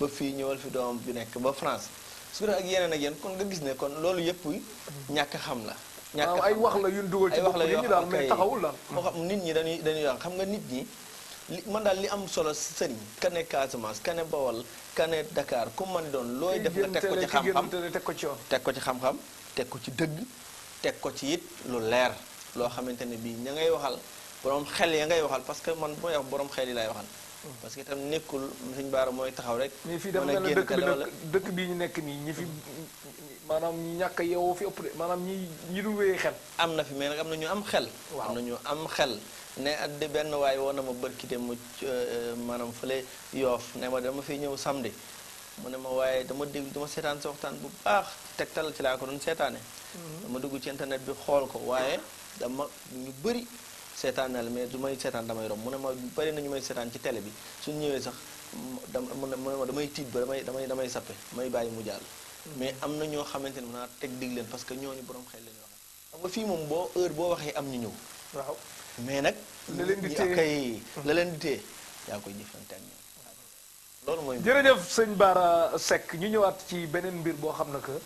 ba fii ñëwal fi doomam bi nekk ba France su ak yeneen ak yeneen kon nga gis ne kon loolu yëpp ñàkk xam la. ñàkk ay wax la yu ñu dugal ci bopp nit ñi daal mais la. moo xam nit ñi dañuy dañuy wax xam nga nit ñi li man daal li am solo si sëriñ. ka ne Casamance ka ne Bawol ka ne Dakar ku man doon looy def nga teg ko ci xam-xam teg ko ci teg ko ci xam-xam ko ci dëgg teg ko ci it lu leer loo xamante ne bii ña ngay waxal borom xel ya ngay waxal parce que man bu may wax borom xel yi laay waxal. parce que itam nekkul suñ baara mooy taxaw rek. mais fii dafa mel dëkk bi dëkk bi ñu nekk nii ñi fi maanaam ñi ñàkk yeewoo fi ëpp de maanaam ñi ñi dul wéyee xel. am na fi mais nag am na ñu am xel. am na am xel. ne at benn waaye woon na ma bërki dem mu euh, euh, maanaam fële yoof ne ma dama fiy ñëw samedi mu ne ma waaye dama dégg dama seetaan sa waxtaan bu baax tegtal ci laa ko doon seetaane. Mhm. dama dugg ci internet bi xool ko waaye dama ñu bëri. seetaanal mais du may seetaan damay rom mu ne ma bëri nañu may seetaan ci télé bi suñu ñëwee sax dama mu ne ma damay tiit ba damay damay damay sappe may bàyyi mu jàll mais am na ñoo xamante ne mën naa teg dig leen parce que ñooñu borom xel la ñu wax xam nga fii moom boo heure boo waxee am ñu ñëw waaw mais nag la leen di téye kay mm-hmm. la leen di téye yaa koy loolu mooy jërëjëf sëñ Bara Seck ñu ñëwaat ci beneen mbir boo xam ne que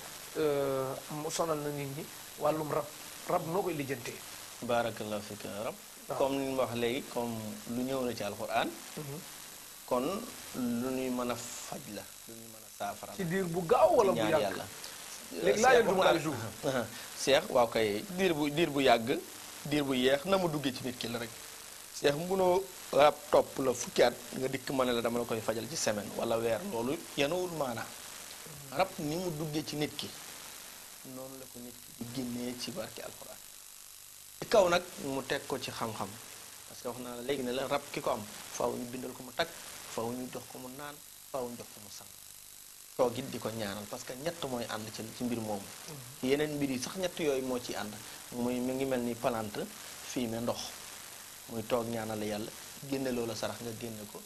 euh, mu sonal na nit ñi wàllum rab rab noo koy lijjantee barakallahu fik rab ah. comme ni ma wax léegi comme lu ñëw na ci alquran mhm. kon lu ñuy mën a faj la mën a saafara ci diir bu gaaw wala bu yàgg yàlla léegi seex waaw kay diir bu diir bu yàgg diir bu yeex na mu duggee ci nit ki la rek seex munoo rab topp la fukki at nga dikk ma la dama la koy fajal ci semaine wala weer loolu yenawul maanaa mhm. rab ni mu duggee ci nit ki noonu la ko nit ki di génnee ci barke alquran ci kaw nag mu teg ko ci xam-xam parce que wax naa la léegi ne la rab ki ko am faw ñu bindal ko mu takk faw ñu jox ko mu naan faw ñu jox ko mu sang toog it di ko ñaanal parce que ñett mooy ànd ci ci mbir moomu mm-hmm. yeneen mbir yi sax ñett yooyu moo ciy ànd muy mi ngi mel ni plante fii me ndox muy toog ñaanal yàlla génne loola sarax nga génne ko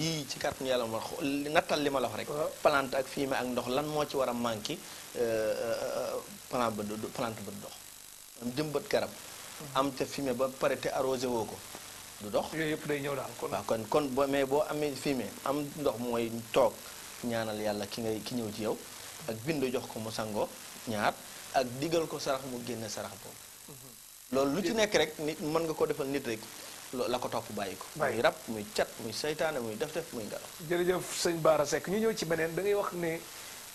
yii ci kàttanu yàlla ma nattal li ma loxo wax rek. plante ak fumier ak ndox lan moo ci war a manqué euh, euh, euh, plante ba du plante ba du dox. jëmbat garab. Mm-hmm. am te fumier ba pare te arrosé woo ko du dox. yooyu yëpp day ñëw daal kon. kon kon boo mais boo amee fumier am ndox mooy toog ñaanal yàlla ki ngay ki ñëw ci yow. ak bind jox ko mu sangoo ñaar ak digal ko sarax mu génne sarax boobu. Mm-hmm. loolu lu ci nekk rek nit mën nga ko defal nit rek. la ko topp bàyyi ko muy rab muy cat muy seytaane muy def def muy ngelaw jërëjëf sëñ baara sekk ñu ñëw ci beneen da ngay wax ne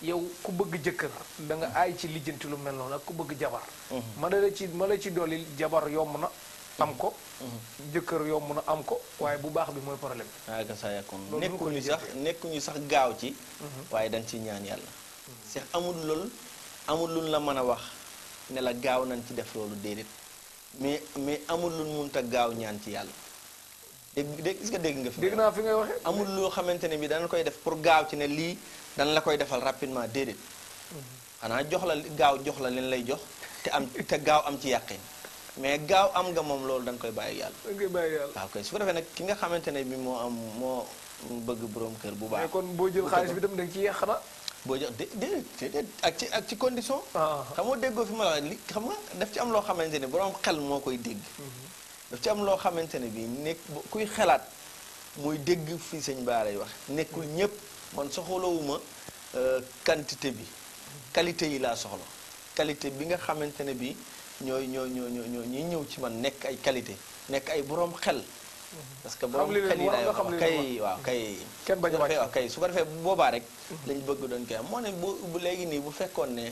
yow ku bëgg jëkkër danga ay ci lijjanti lu mel noonu ak ku bëgg jabar mhm. ma la ci ma ci dolli jabar yomb na mhm. am ko mhm. jëkkër yomb na am ko waaye bu baax bi mooy problème waaka sa yakon nekkuñu sax nekkuñu sax gaaw ci waaye dañ ci ñaan yàlla seex amul lool amul luñ la mën a wax ne la gaaw nañ ci def loolu déedéet mais mais amul lu mun ta gaaw ñaan ci yàlla dégg dégg nga dégg nga fi dégg naa fi ngay waxee amul loo xamante ne bi dana koy def pour gaaw ci ne lii dana la koy defal rapidement déedéet mhm. xanaa jox la gaaw jox la leen lay jox te am te gaaw am ci yàqin mais gaaw am nga moom loolu da koy bàyyi yàlla da nga koy bàyyi yàlla waaw kay su ko defee nag ki nga xamante ne bi moo am moo bëgg borom kër bu baax mais kon boo jël xaalis bi tam da nga ci yàq na boo jox déedéet déedéet ak ci ak ci condition. Ah, ah. xam nga déggoo fi ma la li xam nga daf ci am loo xamante ne borom xel moo koy dégg. Mm-hmm. daf ci am loo xamante ne bii nekk kuy xalaat muy dégg fi sëñ baa lay wax nekkul mm-hmm. ñëpp man soxlawuma euh, quantité bi mm-hmm. qualité yi laa soxla qualité bi nga xamante ne bii ñooy ñoo ñoo ñoo ñoo ñuy ñëw ci man nekk ay qualité nekk ay borom xel. parce que borom xel yi lay wax kay waaw kay. kenn bañ a wàcc waaw kay su ko defee bu boobaa rek. Mm-hmm. lañ bëgg doon koy am moo ne bu léegi nii bu fekkoon ne.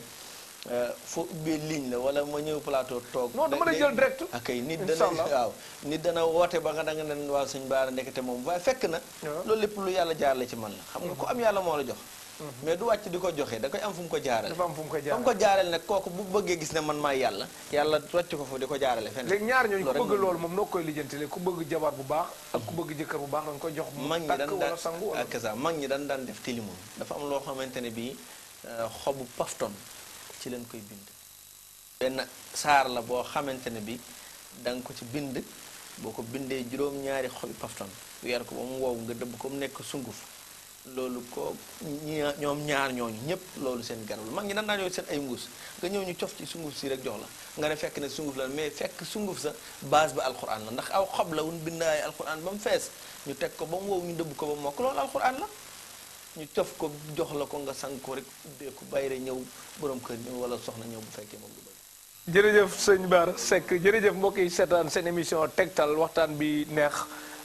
Euh, foo ubbee ligne la wala ma ñëw plateau toog. non dama lay jël direct. ok ah, nit dana waaw nit dana woote ba nga da nga nen waaw baa baara nekkate moom waaye fekk na. loolu lépp lu yàlla jaar la ci man la. xam nga ku am yàlla moo la jox. Mhm. mais du wàcc di ko joxe da koy am fu mu ko jaarale. dafa am fu mu ko jaarale fu mu ko jaarale nag kooku bu bëggee gis ne man maa yàlla. yàlla wàcc ko foofu di ko jaarale fen léegi ñaari ñooñu ku bëgg loolu moom noo koy lijjantile ku bëgg jabar bu baax. ak ku bëgg jëkkër bu baax dañ koy jox. mag ñi dan wala sangu wala ak ça dan daan def tilimoon dafa am loo xamante ne bii euh, xobu pafton ci leen koy bind. benn saar la boo xamante ne bii da ko ci bind boo ko bindee juróom-ñaari xobi pafton weer ko ba mu wow nga dëbb ko mu nekk sunguf loolu ko ñoom ñaar ñooñu ñëpp loolu seen garab la mag ñi nan naa ñoo seen ay mbuus nga ñëw ñu cof ci sunguf si rek jox la nga ne fekk ne sunguf la mais fekk sunguf sa base ba alquran la ndax aw xob la wun bindaay alquran ba mu fees ñu teg ko ba mu ñu dëbb ko ba mu mokk loolu alquran ñu cof ko jox la ko nga sang ko rek ubbee ko bayre ñëw borom kër ñëw wala soxna ñëw bu fekkee moom lu bëri jërëjëf sëñ Bara Seck jërëjëf mbokk yi seetaan seen émission tegtal waxtaan bi neex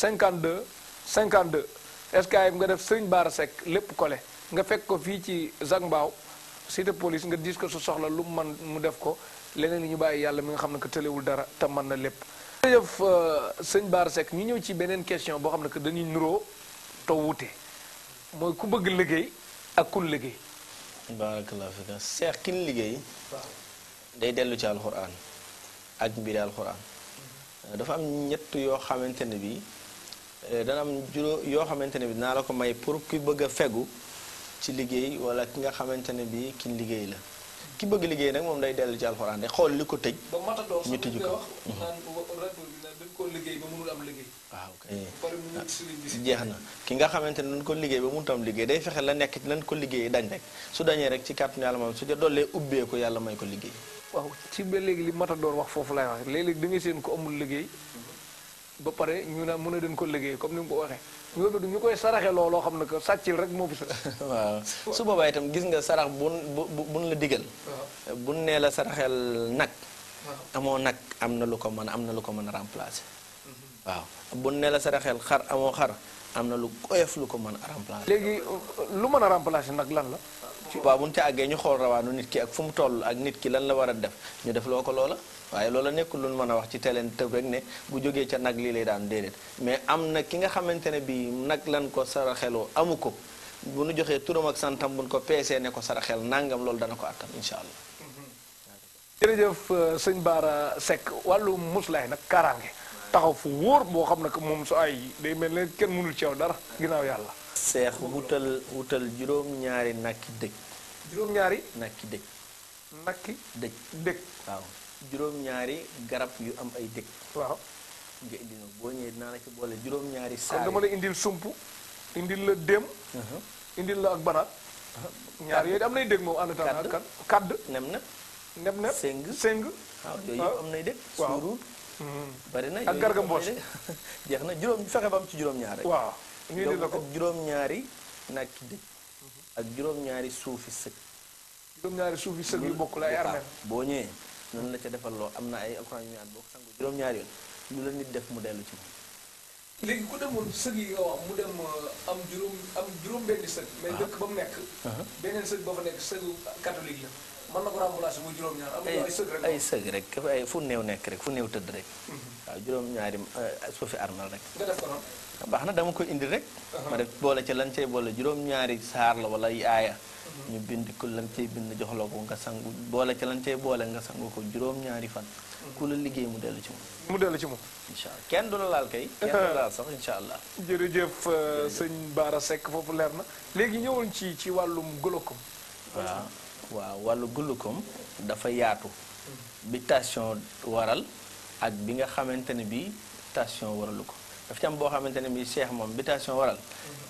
cinquante cinquante de 52 52 Skype nga def sëñ Bara Seck lépp kole nga fekk ko fii ci Zac Mbao cité police nga diis ko su soxla lu mu mën mu def ko leneen li ñu bàyyi yàlla mi nga xam ne que tëlewul dara te mën na lépp. jërëjëf euh, sëñ Bara Seck ñu ñëw ci beneen question boo xam ne que dañuy nuroo te wuute mooy ku bëgg liggéey ak kun liggéey. barakallah fika seex kin liggéey. day dellu ci alxuraan ak mbiri alxuraan. Mm-hmm. dafa am ñett yoo xamante ne bii. Eh, dana am juróom yoo xamante ne bi dinaa la ko may pour ki bëgg a fegu ci liggéey wala ki nga xamante ne bi ki liggéey la ki bëgg liggéey nag moom day dellu ci alxuraan de xool li ko tëj ñu tëj ko mhm. waaw kay jeex na ki nga xamante ne dañ ko liggéey ba mënut am liggéey day fexe la nekk lañ ko liggéey dañ rek su dañee rek ci kàttanu yàlla moom su ja dollee ubbee yàlla may ko liggéey waaw ci ba léegi li matadoor wax foofu lay wax léeg-léeg seen ko amul liggéey ba pare ñu ne mën a den ko liggéey comme ni mu ko waxee ñu ñu koy saraxe looloo xam ne ko sàccil rek moo fi sa waaw su boobaa itam gis nga sarax bu bun la digal bu nee la saraxel nag amoo nag am na lu ko mën am na lu ko mën a remplacer mhm. waaw bu nee la saraxel xar amoo xar am na lu oyof lu ko mën a remplacer léegi lu mën a remplacer nag lan la waaw buñ ca àggee ñu xool rawaanu nit ki ak fu mu toll ak nit ki lan la war a def ñu def loo ko loola waaye loola nekkul lu mën a wax ci teleen tëb rek ne bu jógee ca nag lii lay daan déedéet mais am na ki nga xamante ne bii nag lan ko saraxeloo amu ko bu nu joxee turam ak santam buñ ko peesee ne ko saraxel nangam loolu dana ko attan incha allah. jërëjëf sëñ Baara Seck wàllu muslaay nag kaaraange taxaw fu wóor boo xam ne que moom su ay day mel ne kenn mënul ci yow dara ginnaaw yàlla. seex wutal wutal juróom-ñaari nakki dëj. ñaari nakki dëj. nakki jurom ñaari garab yu am ay dekk waaw nga indi ma bo ñe dinaa la ci bolé jurom ñaari sa dama la indil sumpu indil la dem uh-huh. indil la ak barat uh-huh. ñaar yooyu am nay dëkk moom ànd taan kan kad nem na nem na seng seng waaw yooyu am nay dekk suru hmm bari na ak garga mboos jeex na jurom fexé bam ci jurom ñaar rek waaw ñu indil la jurom ñaari nak ki dëkk hmm. ak jurom ñaari soufi seuk jurom ñaari soufi seuk yu bokku la yar armeel boo ñëwee nan la ca defal loo am na ay alxuraan yu ñu naan boo ko sangu juróom-ñaari yoon lu la nit def mu dellu ci moom léegi ku demoon sëg yi nga mu dem uh, am juróom am sëg ah. ba mu nekk uh-huh. beneen sëg ba fa nekk sëgu na ko remplacer muy juróom-ñaar am ay sëg rek ay sëg rek ay fu néew nekk rek fu néew tëdd rek mm-hmm. waaw juróom-ñaari uh, suufi armal rek nga def ko noonu baax na dama koy indi rek uh-huh. ma def boole ca lan cay boole juróom-ñaari saar la wala yi aaya ñu bind ku lan cey bind jox la ko nga sangu boole ca lan cee boole nga sangu ko juróom-ñaari fan. Mm-hmm. ku la liggéey mu dellu ci moom. mu dellu ci moom. incha allah kenn du la laal kay. kenn du la laal sax incha allah. jërëjëf euh, sëñ Baara Seck foofu leer na léegi ñëwal ci ci wàllum glaucome. waaw waaw wàllu kom dafa yaatu. Mm-hmm. bi tension waral ak bi nga xamante ne bi tension waralu ko. daf ci am boo xamante ne bi seex moom mutation waral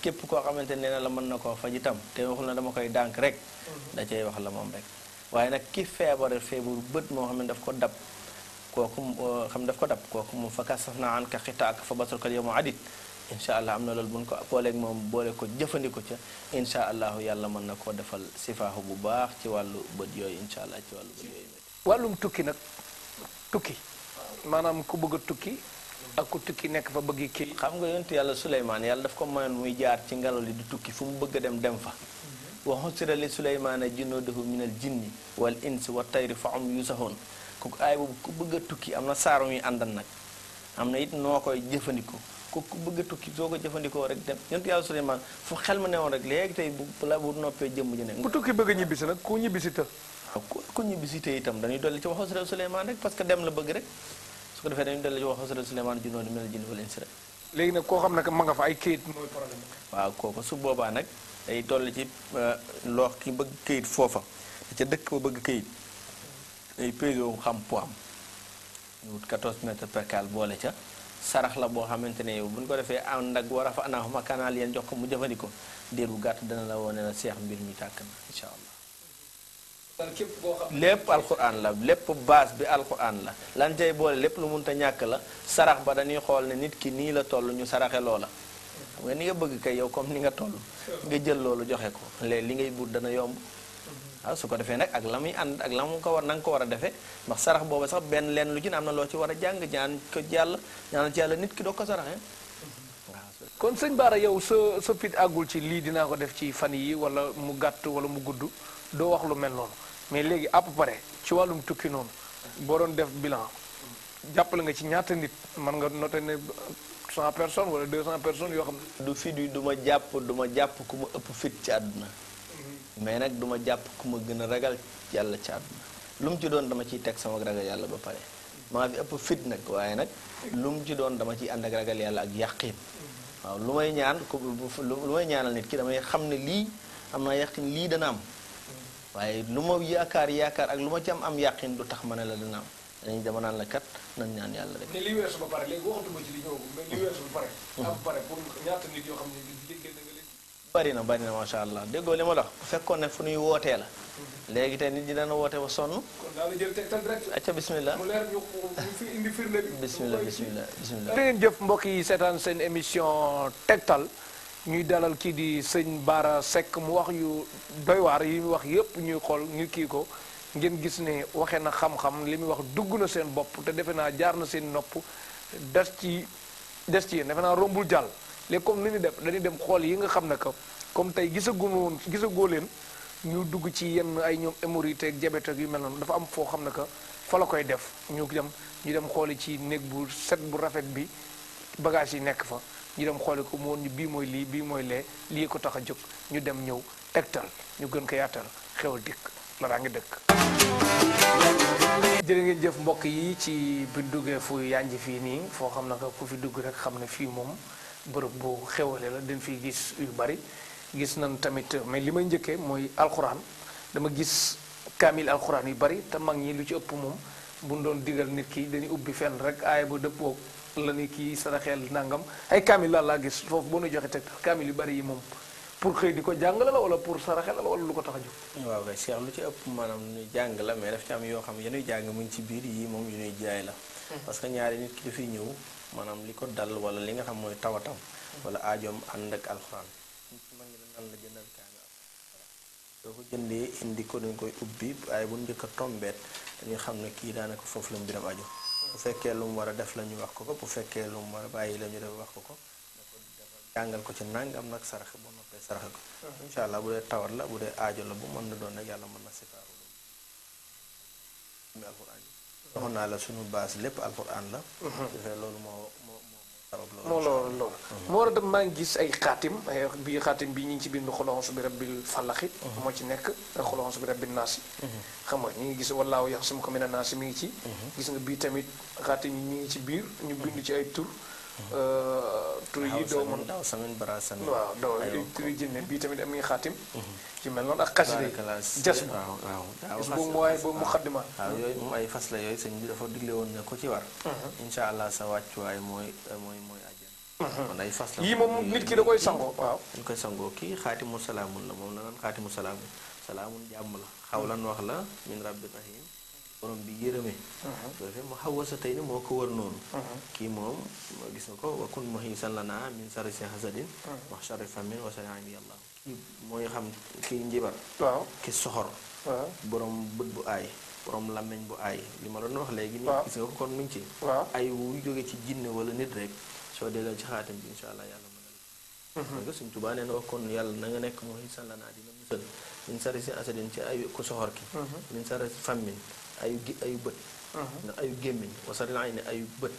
képp koo xamante ne la mën na koo faj itam te waxul na dama koy dànk rek mhm. da cay wax la moom rek waaye nag ki feebare feebar bët moo xam ne daf ko dab kooku euh, xam daf ko dab kooku moom fa kasaf na an ka xitaak fa basarka yow mu adit incha allah am na loolu buñ ko booleeg moom boole ko jëfandiku ca incha allahu yàlla mën na koo defal sifaaxu bu baax ci wàllu bët yooyu incha allah ci wàllu bët wàllum tukki nag tukki maanaam ak ku tukki nekk fa bëgg kii. xam nga yonent yàlla Souleymane yàlla daf ko mayoon muy jaar ci ngelaw li di tukki fu mu bëgg a dem dem fa. Mhm. wa xusira li Souleymane junuuduhu minal jinni wal insi wa tayri fa hum yusahuun ku aay boobu ku bëgg a tukki am na saaru muy àndal nag am na it noo koy jëfandikoo ku ku bëgg tukki soo ko jëfandikoo rek dem yonent yàlla Souleymane fu xel ma ne woon rek léegi tey bu la bu noppee jëmm ji ne. bëgg a ñibbisi nag ku ñibbisi të. ku ñibbisi të itam dañuy dolli ci wa xusira Souleymane rek parce que dem la bëgg rek su ko defee dañu dal la wax xasra Suleymaan junnoon minal jinni wal insi rek léegi nag koo xam nag ma nga fa ay këyit mooy problème waaw kooku su boobaa nag day toll ci euh, loox ki bëgg këyit foofa da ca dëkk ba bëgg këyit day peso xam poids am wut 14 mètres per cale boole ca sarax la boo xamante ne yow bu ñu ko defee ànd ak war a fa anaaxuma kanaal yéen jox ko mu jëfandikoo diir bu gàtt dana la wone la seex mbir mi tàkk na incha allah lepp alquran la lepp base bi alquran la lan tay boole lepp lu munta ñak la sarax ba dañuy xol ne nit ki ni la tollu ñu saraxé lola nga ni nga bëgg kay yow comme ni nga tollu nga jël lolu joxé ko lé li ngay bu dana yomb waaw ah, su ko defee nak ak lamuy and ak lamu ko war nang ko wara a defee ndax sarax bobu sax ben leen lu ci amna lo ci wara jang ñaan ko ñaan ci yalla nit ki ko kon bara yow so so fit agul ci li dina ko def ci fan yi wala mu wala mu guddu do wax lu mel mais léegi à peu près ci wàllum tukki noonu boo doon def bilan jàppale nga ci ñaata nit man nga noté ne cent personne wala deux cent personnes yoo xam ne du fit yi duma ma jàpp du jàpp ku ma ëpp fit ci àdduna mais nag du ma jàpp ku ma gën a ragal yàlla ci àdduna lu mu ci doon dama ciy teg sama ragal yàlla ba pare maa fi ëpp fit nag waaye nag lu mu ci doon dama ciy ànd ak ragal yàlla ak yàqin waaw lu may ñaan lu may ñaanal nit ki damay xam ne lii am naa yàqin lii dana am waaye lu ma yaakaar yaakaar ak lu ma ci am am yàqin du tax ma ne la dina am dañuy dama naan la kat nañ ñaan yàlla rek. ba macha mm-hmm. allah déggoo li ma la bu fekkoon ne fu ñuy wootee la. Mm-hmm. léegi te nit ñi dana woote ba sonn. kon daal di jël tegtal direct. acca bismillah mu leer ñu fi indi firnde bismillah bismillah bismillah. mbokk yi seetaan seen émission tegtal. ñuy dalal kii di sëñ baara Seck mu wax yu doy waar yi mu wax yépp ñuy xool ñu kii ko ngeen gis ne waxee na xam-xam li muy wax dugg na seen bopp te defe naa jaar na seen nopp des ci des ci yéen defe naa rombul jàll léegi comme li ñu def dañuy dem xool yi nga xam ne que comme tey gisaguñu woon gisagoo leen ñu dugg ci yenn ay ñoom hémorroïdes ak diabète ak yu mel noonu dafa am foo xam ne que fa la koy def ñu dem ñu dem xooli ci néeg bu set bu rafet bi bagage yi nekk fa ñu dem xoole ko mu woon bii mooy lii bii mooy lee lii ko tax a jóg ñu dem ñëw tegtal ñu gën ko yaatal xewal dëkk loraa ngi dëkk jërë ngeen jëf mbokk yi ci bi duggee fu yànji fii nii foo xam ne ko fi dugg rek xam ne fii moom bërëb bu xewale la dañ fi gis yu bari gis nañ tamit mais li may njëkkee mooy alxuraan dama gis kaamil alxuraan yu bari te mag ñi lu ci ëpp moom bu ñu doon digal nit ki dañuy ubbi fenn rek aaya ba dëppoo la ni sa saraxeel nangam ay kamil la laa gis foofu boo nu joxe tek kamil yu bari yi mom pour xey diko ko la wala pour saraxel la wala lu ko taxaju wa jóg kay Cheikh lu ci ëpp manam ñu jang la mais daf ci am yo xam yene jang jàng mu ci biir yi mom yu nuy jaay la hmm. parce que ñaari nit ki dafay ñew manam liko dal wala li nga xam moy tawatam wala ajom ànd ak alxuraan mag la jëndal ko jëndee indi ko dañ koy ubbi ay bu njëkk a tombeet dañuy xam ne kii daanaka foofu mbiram aju bu fekkee lu mu war a def la ñu wax ko ko bu fekkee lu mu war a bàyyi la def wax ko ko jàngal ko ci am nag saraxe boo noppee sarax ko mhm. incha allah bu dee tawar la bu dee aajo la bu mën na doon nag yàlla mën na sifaaru mi alxuraan waxoon mhm. naa la suñu baas lépp alxuraan la mhm. defee moo loolu loolu moo war a maa ngi gis ay xaatim ay bi xaatim bi ñu ngi ci bind xulonsu bi rabbil falaxit mhm. moo ci nekk ak xulonsu bi rabbil naasi mhm. xam nga ñu ngi gis wallaahu yaxsimuka mina naasi mi ngi ci mhm. gis nga bii tamit xaatim yi ñu ngi ci biir ñu bind ci ay tur Euh, tur yi doo mën daaw samin bara samin bii tamit am ngi xaatim mhm. ci mel noonu ak xasida waaw yooyu moom ay fas la yooyu sëñ di dafa digle woon ne ko ci war mhm. insha allah sa wàccuwaay mooy mooy mooy mhm. kon ay fas la yii moom nit ki da koy sangoo waaw kii xaatimu salaamun la moom la naan xaatimu salaamun salaamun jàmm la xawlan wax la min rabbi rahim borom bi yërëme uh-huh. soo defee mu xaw sa tey ni moo ko wër noonu uh-huh. kii moom gis nga ko wakun muhisan lana min sarisi hasadin uh-huh. wax sharri famin wasalaam yàlla kii mooy xam kii njibar waaw ki soxor borom bët bu aay borom làmmiñ bu aay li ma doon wax léegi nii gis kon mu ngi ci ay wu jóge ci jinne wala nit rek soo delloo ci xaatim bi insha allah yàlla mën nga suñ tubaa nee na kon yàlla na nga nekk muhisan lana dina musal min sarisi hasadin ci ay ku soxor ki min sarisi famin Uh-huh. ayu ayu bët ya, ya. ndax ayu gémmiñ wasari ayni ayu bët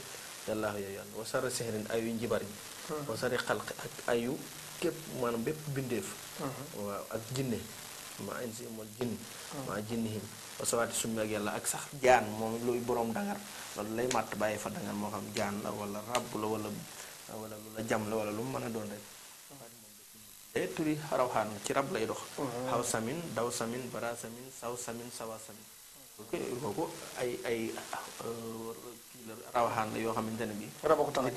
yàllaahu ya yoon wasari sihrin ayu njibari uh-huh. wasari khalq ak ayu kep maanaam bépp bindef uh-huh. wa ak jinne ma ayn si mol jinn ma jinnihim wasawaati summi ak yàlla ak sax jaan mom luy borom dangar lol lay mat baye fa dangar mo xam jaan la wala rab la wala wala lu la jam la wala lu meuna don a doon rek day eh, turi rawxaan ci rab lay dox samin daw samin bara samin saw samin sawa samin kooku ay ay kii la rawaxaan la yoo xamante ne bi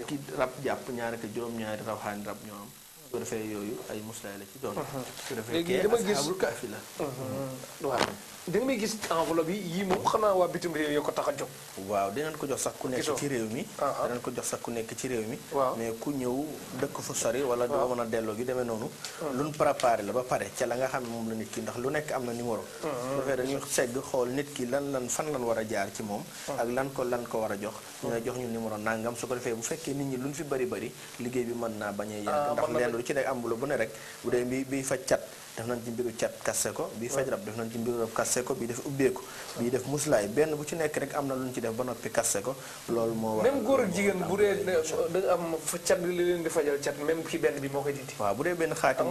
ki rab jàpp ñaar ko juróom-ñaari rawaxaani rab ñoo am su defee yooyu ay muslaay la ci doon uh-huh. su ko defee kee asaabul kaafi la uh-huh. waaw da nga may gis enveloppe yi yii moom xanaa waa bitim réew yi ko tax a jóg. waaw dinañ ko jox sax ku nekk ci réew mi. Ah, ah. dinañ ko jox sax ku nekk ci réew mi. mais ku ñëw dëkk fu sori. wala doo mën a delloo gi demee noonu. Hmm. luñ préparé la ba pare ca la nga xam ne moom la nit ki ndax lu nekk am na numéro. Hmm. su segg xool nit ki lan lan fan lan war a jaar ci moom. Hmm. ak lan ko lan ko war a jox. ñu jox ñu numéro nangam su ko defee bu fekkee nit ñi lu luñ fi bari bari liggéey bi mën naa bañ a yàgg. Ah, ndax lenn lu ci nekk am bu ne rek bu dee bi bi faj cat def nañ ci mbiru cat kasse ko bii faj rab def nañ ci mbiru rab kasse ko bii def ubbeeku bii def muslaay benn bu ci nekk rek am na lu ci def ba noppi kasse ko loolu moo war même bu dee da nga am fajal cat même ki benn bi moo koy dindi waaw bu dee benn xaatim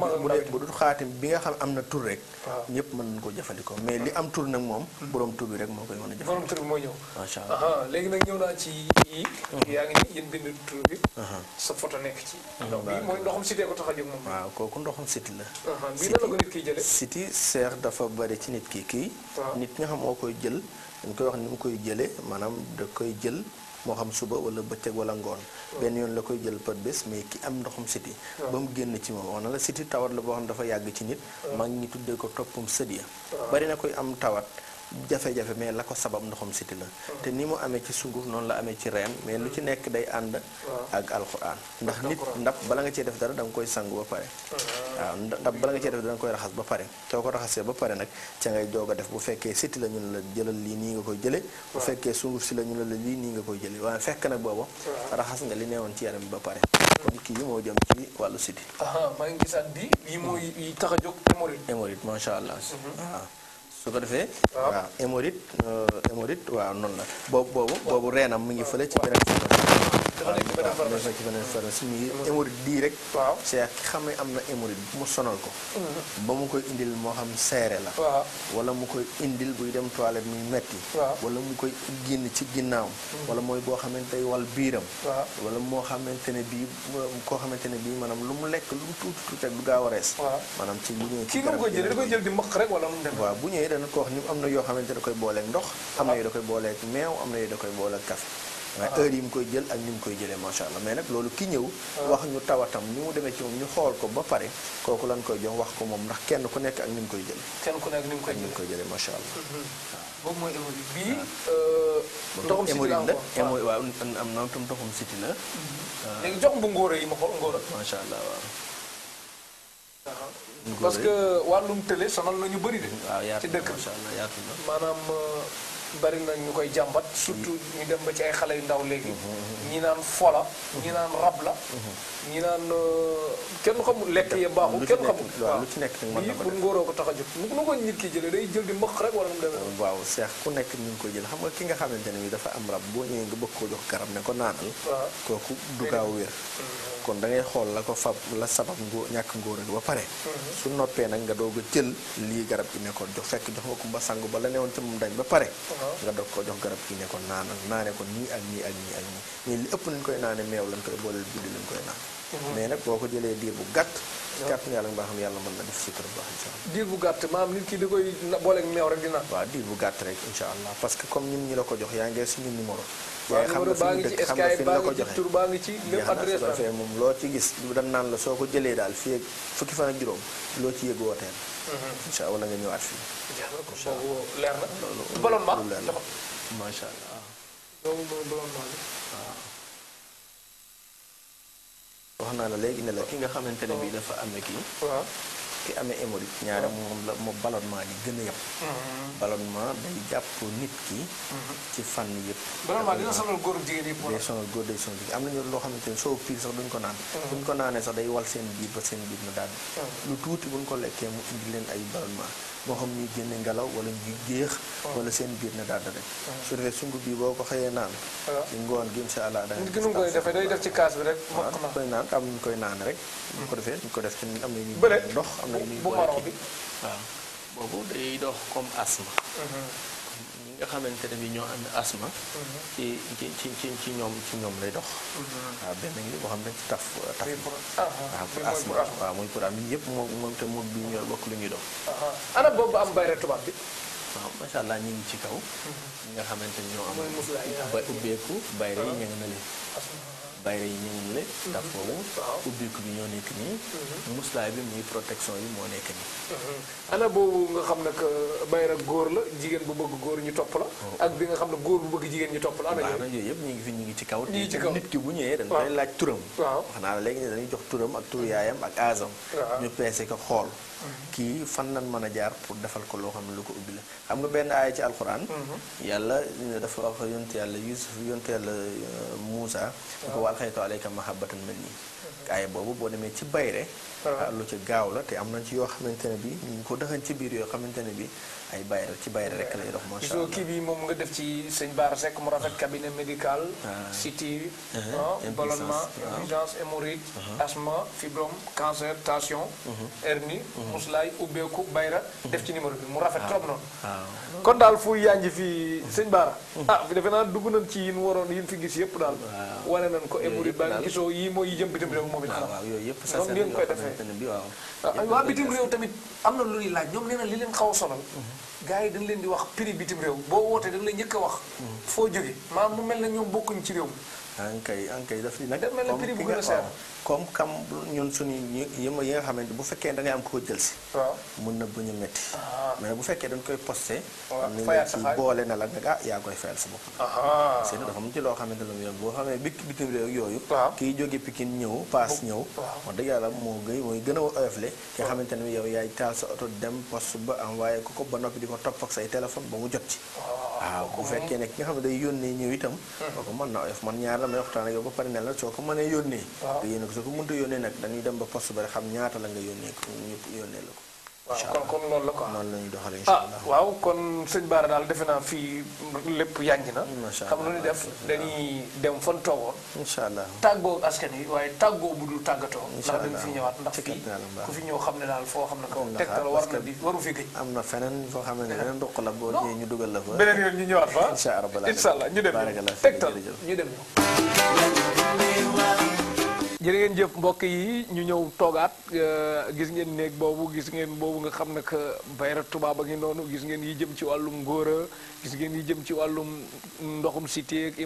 bu dee bi nga xam am na tur rek ñëpp mën nañ ko jëfandikoo mais li am nag moom hmm. borom tur bi rek moo koy mën a jëfandikoo moo ñëw macha allah léegi nag ñëw naa ci yi hmm. yaa ngi ni yéen bind ci hmm, ndox bi ndoxum sitee ko tax a jóg moom waaw kooku ndoxum siti la ko nit kiy jëlee. siti seer dafa bari ci nit ki kii. nit ñi nga koy jël dañ koy wax ni mu koy jëlee maanaam da koy jël. moo xam suba wala bëccëg wala ngoon benn yoon la koy jël par bés mais ki am ndoxum siti ba mu génn ci moom wax na la siti tawat la boo xam dafa yàgg ci nit mag ñi tuddee ko toppum sëdiya bari na koy am tawat jafe-jafe mais la ko sabab ndoxum siti la te ni mu amee ci sunguf noonu la amee ci reen mais lu ci nekk day ànd ak alxuraan ndax nit ndab bala nga cee def dara da koy sangu ba pare uh-huh. waaw ndab bala nga cee def dara da koy raxas ba pare soo ko raxasee ba pare nag ca ngay joog def bu fekkee siti la ñu la jëlal lii nii nga koy jële bu fekkee sunguf si la ñu ne la lii nii nga koy jële waaye fekk nag booba raxas nga li woon ci yaram bi ba pare uh-huh. kon kii yi moo jëm ci wàllu siti maa ngi gisaat bi yi mooy tax a su ko defee. waaw hémorroïde euh, hémorroïde waaw noonu la. boobu boobu boobu reenam mu ngi fële ci beneen dafa nekk benn affaire dafa nekk benn affaire suñu hémorroïde lii rek. waaw Cheikh ki xam am na hémorroïde bu mu sonal ko. ba mu koy indil moo xam seere la. wala mu koy indil buy dem toilette muy metti. wala mu koy génn ci ginnaaw. wala mooy boo xamante ne biiram. wala moo xamante ne bii koo xamante ne bii maanaam lu mu lekk lu mu tuuti tuuti ak du gaaw a rees. maanaam ci bu ñëwee ci garab gi da koy jël di mokk rek waaw bu ñëwee dana ko wax ni am na yoo xamante da koy booleeg ndox. am na yoo da koy booleeg meew am na yoo da koy booleeg café waaye heure yi mu koy jël ak ni mu koy jële macha allah mais nag loolu ki ñëw ah. wax ñu tawatam ñu mu demee ci moom ñu xool ko ba pare kooku lan koy jox wax ko moom ndax kenn ku nekk ak ni mu koy jëlee kenn ku nekk ak ni mu koy jëlee macha allah mhm. boobu mooy hémorroïde bii ah. euh, ndoxum siti la hémorroïde waaw am na tam ndoxum siti la mhm. ah. léegi jox bu ngóora yi ma xool ngóora macha allah waaw parce que wàllum télé sonal na ñu bëri de ci dëkk bari na ñu koy jàmbat surtout ñu dem ba ci ay xale yu ndaw léegi ñi naan fola ñi naan rab la ñi naan euh, kenn xamul lekk ya baaxul kenn xamul waaw lu ci nekk lii pour ngóoroo ko tax a jóg nu ko nit ki jëlee day jël di mbëq rek wala mu demee waaw seex ku nekk ñu ngi koy jël xam nga ki nga xamante ne bi dafa am rab boo ñëwee nga bëgg koo jox garab ne ko naanal kooku du gaaw wér mm. kon da ngay xool la ko fab la sabab ngó ñàkk ngóor ba pare mhm. su noppee nag nga doog a jël lii garab gi nekkoon jox fekk jox kumba ko ba sangu ba la newoon ci moom dañ ba pare mhm. nga doog ko jox garab gi nekkoon naana naane ko nii ak nii ak nii ak nii mais li ëpp nañ koy naane meew lañ koy booleel guddi lañ koy naan mhm. mais nag boo ko jëlee diir bu gàtt kàttan yàlla nga baaxam yàlla mën na def suukar bu baax incha allah diir bu gàtt maam nit ki di koy booleeg meew rek di naan waaw diir bu gàtt rek incha allah parce que comme ñun ñu la ko jox yaa ngi suñu numéro yaa xam nga fi ñu dëkk xam nga fi ñu la ko joxe tur baa ngi ci lépp adresse la fee moom loo ci gis dañ naan la soo ko jëlee daal fii fukki fan ak juróom loo ci yëg wooteel mm-hmm. incha allah wala nga ñëwaat fii leer na ballon ba macha allah waaw wax naa la léegi ne la ki nga xamante ne bii dafa amee kii. waaw ki amee hémorroïde. ñaare moom la moom ballonnement yi gën a yem. Mm-hmm. ballonnement day jàpp nit ki. Mm-hmm. ci fànn yëpp. ballonnement dina sonal góor jigéen yëpp. day sonal góor day sonal jigéen am na ñoo loo xamante ne soo piir sax duñ ko naan. Mm-hmm. buñ ko naanee sax day wal seen biir ba seen biir mu daal. lu tuuti buñ ko lekkee mu indi leen ay ballonnement. moo xam ñuy génne ngelaw wala ñuy géex ah. wala seen biir ne daal rek ah. su defee sungub bi boo ko xëyee naan ah. ci ngoon gi incha allah da koy defee day def ci kaas bi rek waaw koy naan am ñu koy naan rek ñu ko defee ñu ko def ci am na ñuy ndox am na ñuy boole waaw boobu day dox comme asthme mhm. nga xamante ne bi ñoo amee asma mhm. ci ci ci ci ci ñoom ci ñoom lay dox mhm. waaw benn ngi boo xam ne ci taf taf ah, ah. waaw pour asma waaw muy pour am yëpp moom moom te moom bi ñoo bokk lu ñuy dox ana boobu am bayre tubaab bi waaw macha allah ñu ngi ci kaw mhm. ñi nga xamante ni ñoo am ba ubbeeku bayre yi ñu ngi na leen bayre yi ñëwoon la mhm. daf boobu ubbiku bi ñoo nekk nii mhm. muslaay bi muy protection yi moo nekk nii mhm. ana boobu nga xam ne que bayra góor la jigéen bu bëgg góor ñu topp la oh. ak bi nga xam ne góor bu bëgg jigéen ñu topp la ana yooyu yëpp ñu ngi fi ñu ngi ci kaw te nit ki bu ñëwee dañ koy laaj turam wax naa la léegi ne dañuy jox turam ak turu yaayam ak aasam ñu peese ko xool kii fan nan mën a jaar pour defal ko loo xam ne lu ko ubbi la xam nga benn aaya ci alxuraan yàlla dafa wax yonte yàlla yusuf yonte yàlla euh, muusa alxaytu alayka mahabbatan minni aaya boobu boo demee ci bayre lu ci gaaw la te am nañ ci yoo xamante ne bi ñu ngi ko dëxañ ci biir yoo xamante ne bi ay bayra ci bayra rek lay dox eh, macha allah kii bi moom nga def ci sëñ Bara Seck mu rafet cabinet médical ah. city ballonnement ah, ah, insuffisance hémorroïde asthme fibrome cancer tension mhm. hernie mhm. muslaay ubbeeku bayra mhm. def ci numéro bi mu rafet trop noonu kon daal fu yaa fi sëñ Bara ah fi naa dugg nañ ci yin waroon yin fi gis yëpp daal wane nañ ko hémorroïde baa ngi gisoo yi mooy yi jëm bitim réew moom it waaw yooyu yëpp sa seen koy defee kàttan bi waaw. Ah, waa bitim réew tamit am na lu ñuy laaj ñoom nee na li leen xaw a sonal. Mhm. gars yi dañ leen di wax prix bitim réew boo wootee dañ la njëkk a wax. Mhm. foo jóge maanaam mu mel na ñoom bokkuñ ci réew mi. Ah, ankay ankay daf fi nag. daf mel ne prix bu gën a cher comme kam ñun suñu yëma yi nga xamante bu fekkee da ngay am koo jël si mën na bañ a métti ah. mais bu fekkee dañ koy posté ni nga ci boole na la a ah yaa koy fayal sa bopp ah. seen dafa mu ci loo xamante lu mu yoon boo xamee bi bitim réew yooyu kii jóge Pikine ñëw paas ñëw wax dëgg yàlla moo gëy mooy gën a oyofle ki nga xamante ne yow yaay taal sa oto dem poste ba envoyé ko ko ba noppi di ko topp ak say téléphone ba mu jot ci waaw bu fekkee ne ki nga xam ne day yónnee ñëw itam hmm. kooku mën na oyof man ñaar damay waxtaan ak yow ba pare ne soo soo ko mënta yónnee nag dañuy dem ba poste ba xam ñaata la nga yónnee ko ñu yónnee la ko. waaw kon kon loolu la quoi noonu la ñuy ah, allah defe naa fii lépp yànji na. Mm, xam lu ñu def dañuy dem fan toogoon. incha allah tàggoo askan yi waaye tàggoo bu dul tàggatoo. incha allah ndax dañ fi ñëwaat ndax fii ku fi ñëw xam ne daal foo xam ne ko tegtal war na di waru fi gëj. am na xam ne beneen doq la boo ñëwee ñu dugal la fa. beneen yoon ñu ñëwaat fa incha allah ñu dem tegtal ñu dem jërë ngeen jëf mbokk yi ñu ñëw toogaat euh, gis ngeen néeg boobu gis ngeen boobu nga xam na que bayra tubaab a ngi noonu gis ngeen yi jëm ci wàllum ngóora gis ngeen yi jëm ci wàllum ndoxum cité ak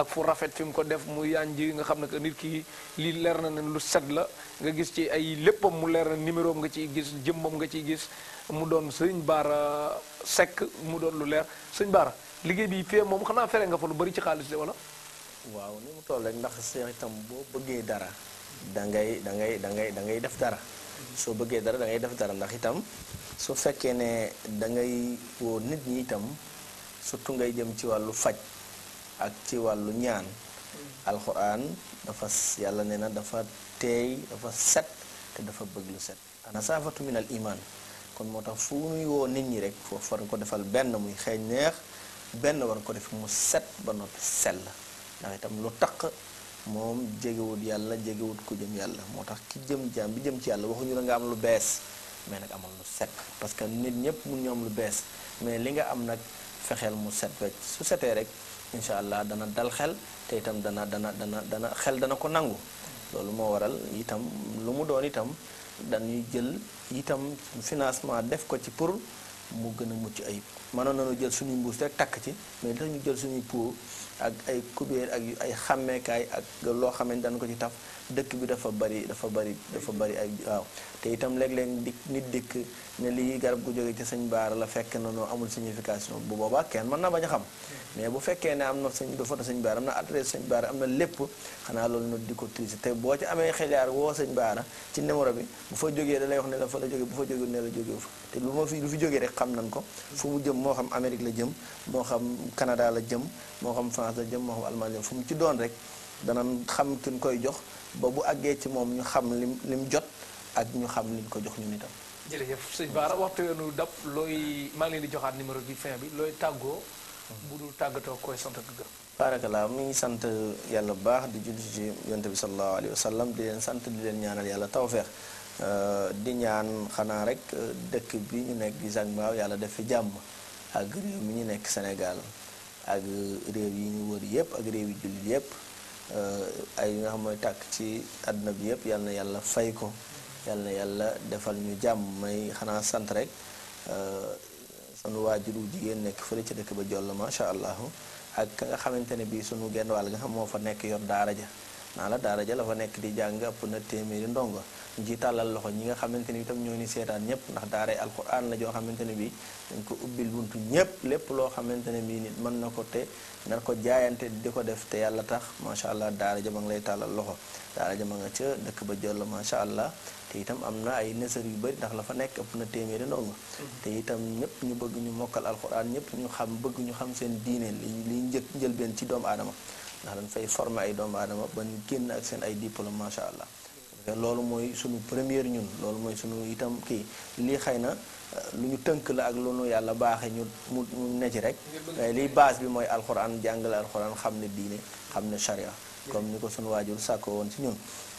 ak fu rafet fi ko def mu yaan ji nga xam ne que nit ki lii leer na ne lu set la nga gis ci ay léppam mu leer na numéro nga ciy gis jëmmam nga ciy gis mu doon sëñ Baara Seck mu doon lu leer sëñ Baara liggéey bi fee moom xanaa fere nga fa lu bari ci xaalis de wala waaw ni mu toll ndax seex itam ah. dangai, dangai, dara da ngay da ngay da ngay da ngay def dara ah. so bëggee dara da ngay def dara ndax itam su fekkee né da ngay wo nit ñi itam surtout ngay jëm ci walu fajj ak ci walu ñaan alxuraan dafa yalla néna dafa téy dafa set té dafa bëgg lu set ana safatu min al iman kon motax fu nuy wo nit ñi rek fo far ko defal ben muy xéñ neex ben war ko def mu set ba noppi sel ndax itam lu taq moom jegewut yàlla jégewut ku jëm yàlla moo tax ki jëm jaam bi jëm ci yàlla waxuñu la nga am lu bees mais nag amal lu set parce que nit ñëpp mun ñu am lu bees mais li nga am nag fexeel mu set wecc su setee rek incha allah dana dal xel te itam dana dana dana dana xel dana ko nangu loolu moo waral itam lu mu doon itam dañuy jël itam financement def ko ci pour mu gën a mucc ayib mënoon nañu jël suñuy mbuus rek takk ci mais dañu jël suñuy ak ay kubéer ak ay xàmmeekaay ak loo xam ne ko ci taf dëkk bi dafa bari dafa bari dafa bari ay waaw te itam léeg-léeg di nit dikk ne lii garab gu jóge ci sëñ baara la fekk na noo amul signification bu boobaa kenn mën na bañ a xam mais bu fekkee ne am na sëñ du sëñ baara am na adresse sëñ baara am na lépp xanaa loolu nit di ko triser te boo ci amee xeliaar woo sëñ baara ci numéro bi bu fa jógee da lay wax ne la jóge bu fa jógee ne la jóge te lu ma lu fi jógee rek xam nañ ko fu mu jëm moo xam Amérique la jëm moo xam Canada la jëm moo xam France la jëm moo xam Allemagne la fu mu ci doon rek danañ xam kin koy jox ba bu àggee ci moom ñu xam lim lim jot ak ñu xam liñ ko jox ñun itam. jërëjëf sëñ Baara waxtu yoonu dab looy maa di joxaat numéro bi fin bi looy tàggoo. bu dul tàggatoo koy sant ak gërëm. mi ngi sant yàlla bu baax di julli ci yonte bi sallallahu alayhi wa sallam di leen sant di leen ñaanal yàlla tawfeex euh, di ñaan xanaa rek dëkk bi ñu nekk di Zac Mbao yàlla def fi jàmm ak réew mi ñu nekk senegal ak réew yi ñu wër yépp ak réew yi jullit yépp Euh, ay nga xam mooy tàkk ci àdduna bi yëpp yal na yàlla fay ko yal yàlla defal ñu jàmm may xanaa sant rek euh, sunu waajuru jigéen nekk fële ci dëkk ba jolla macha allah ak ka nga xamante ne bii sunu genn wàll nga xam moo fa nekk yor daara naa la daara ja la fa nekk di jàng na téeméeri ndongo ñu loxo ñi nga xamante ni itam ñoo ni seetaan ñëpp ndax daaray al alquran la joo xamante ne bii dañ ko ubbil buntu ñëpp lépp loo xamante ne bii nit mën na ko te Nar ko jaayante diko def te yalla tax sha allah daara jama ma talal loxo daara ja nga ci dekk ba ma sha allah te itam amna ay nësër yu bari ndax la fa nek ëpp na téeméeri ndongo mhm. te itam ñepp ñu bëgg ñu mokal alquran ñepp ñu xam bëgg ñu xam seen diiné li li jël dom ci doom adama ndax dañ fay former ay doom adama ba ñu génn ak seen ay diplôme sha allah lolu moy sunu premier ñun lolu moy sunu itam ki li xëy lu ñu tënk la ak loolu yàlla baaxee ñu mu mu ne ci rek mais eh, liy bi mooy alxuraan jàngale alxuraan xam ne diine xam ne charia comme ni ko suñu waajur sàkkoo woon ci ñun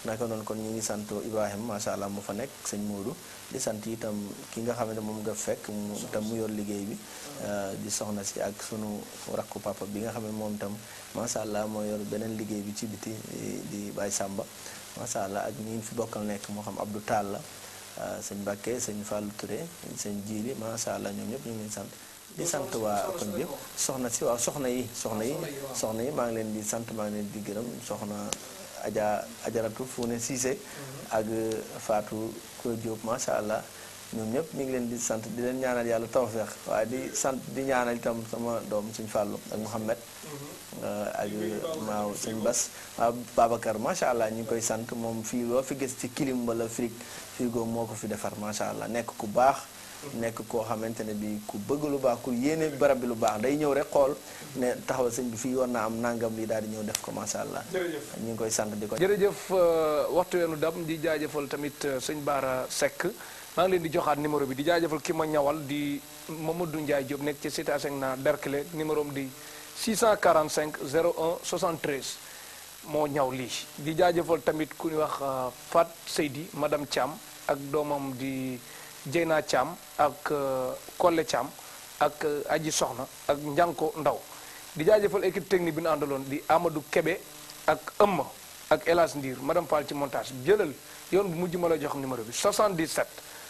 naka noonu kon ñu ngi sant Ibrahima macha allah mu fa nekk sëñ Modou di sant itam ki nga xamante moom nga fekk mu itam mu yor liggéey bi eh, di soxna si ak sunu rakku papa bi nga xam ne moom itam macha allah moo yor beneen liggéey bi ci biti eh, di Baye Samba macha allah ak ñi fi bokkal nekk moo xam Abdou taal la Euh, sëñ Bakke sëñ Fallou Touré sëñ Jiili macha allah ñoom ñëpp ñu ngi leen sant. di sant waa koñ bi soxna si waaw soxna yi soxna yi soxna yi maa ngi leen di sant maa ngi leen di gërëm soxna Aja Ajaratu Fune Cissé mhm. ak Fatou Koy Diop macha allah. ñoom ñëpp ñu ngi leen di sant di leen ñaanal yàlla tawfeex waaye di sant di ñaanal itam sama doom suñ fàllu ak Mouhamed mhm. ak maaw suñ Bas waaw Babacar macha allah ñu ngi koy sant moom fii loo fi gis ci kilim wala frigo frigo moo ko fi defar macha allah nekk ku baax mhm. nekk koo xamante ne bi ku bëgg lu baax ku yéene barab bi lu baax day ñëw rek xool ne taxawal sëñ bi fii war naa am nangam li daal di ñëw def ko macha allah ñu ngi koy sant di ko jërëjëf euh, waxtu weenu dam di jaajëfal tamit euh, sëñ Baara Seck maa ngi leen di joxat kan numéro bi di jaajeufal ki ma ñawal di Mamadou Ndiaye Diop nek ci cité Asegna Derklé numéro di 645 01 ñaw li di jaajeufal tamit ku ñu wax uh, Fat Seydi madame cham ak domam di Jeyna cham ak uh, Kolle cham ak uh, Aji Soxna ak Njanko Ndaw di jaajeufal équipe technique bi ñu andalon di Amadou Kebe ak eum ak Elas ndir madame Fall ci montage jëlal yoon bu mujjuma la jox numéro bi 77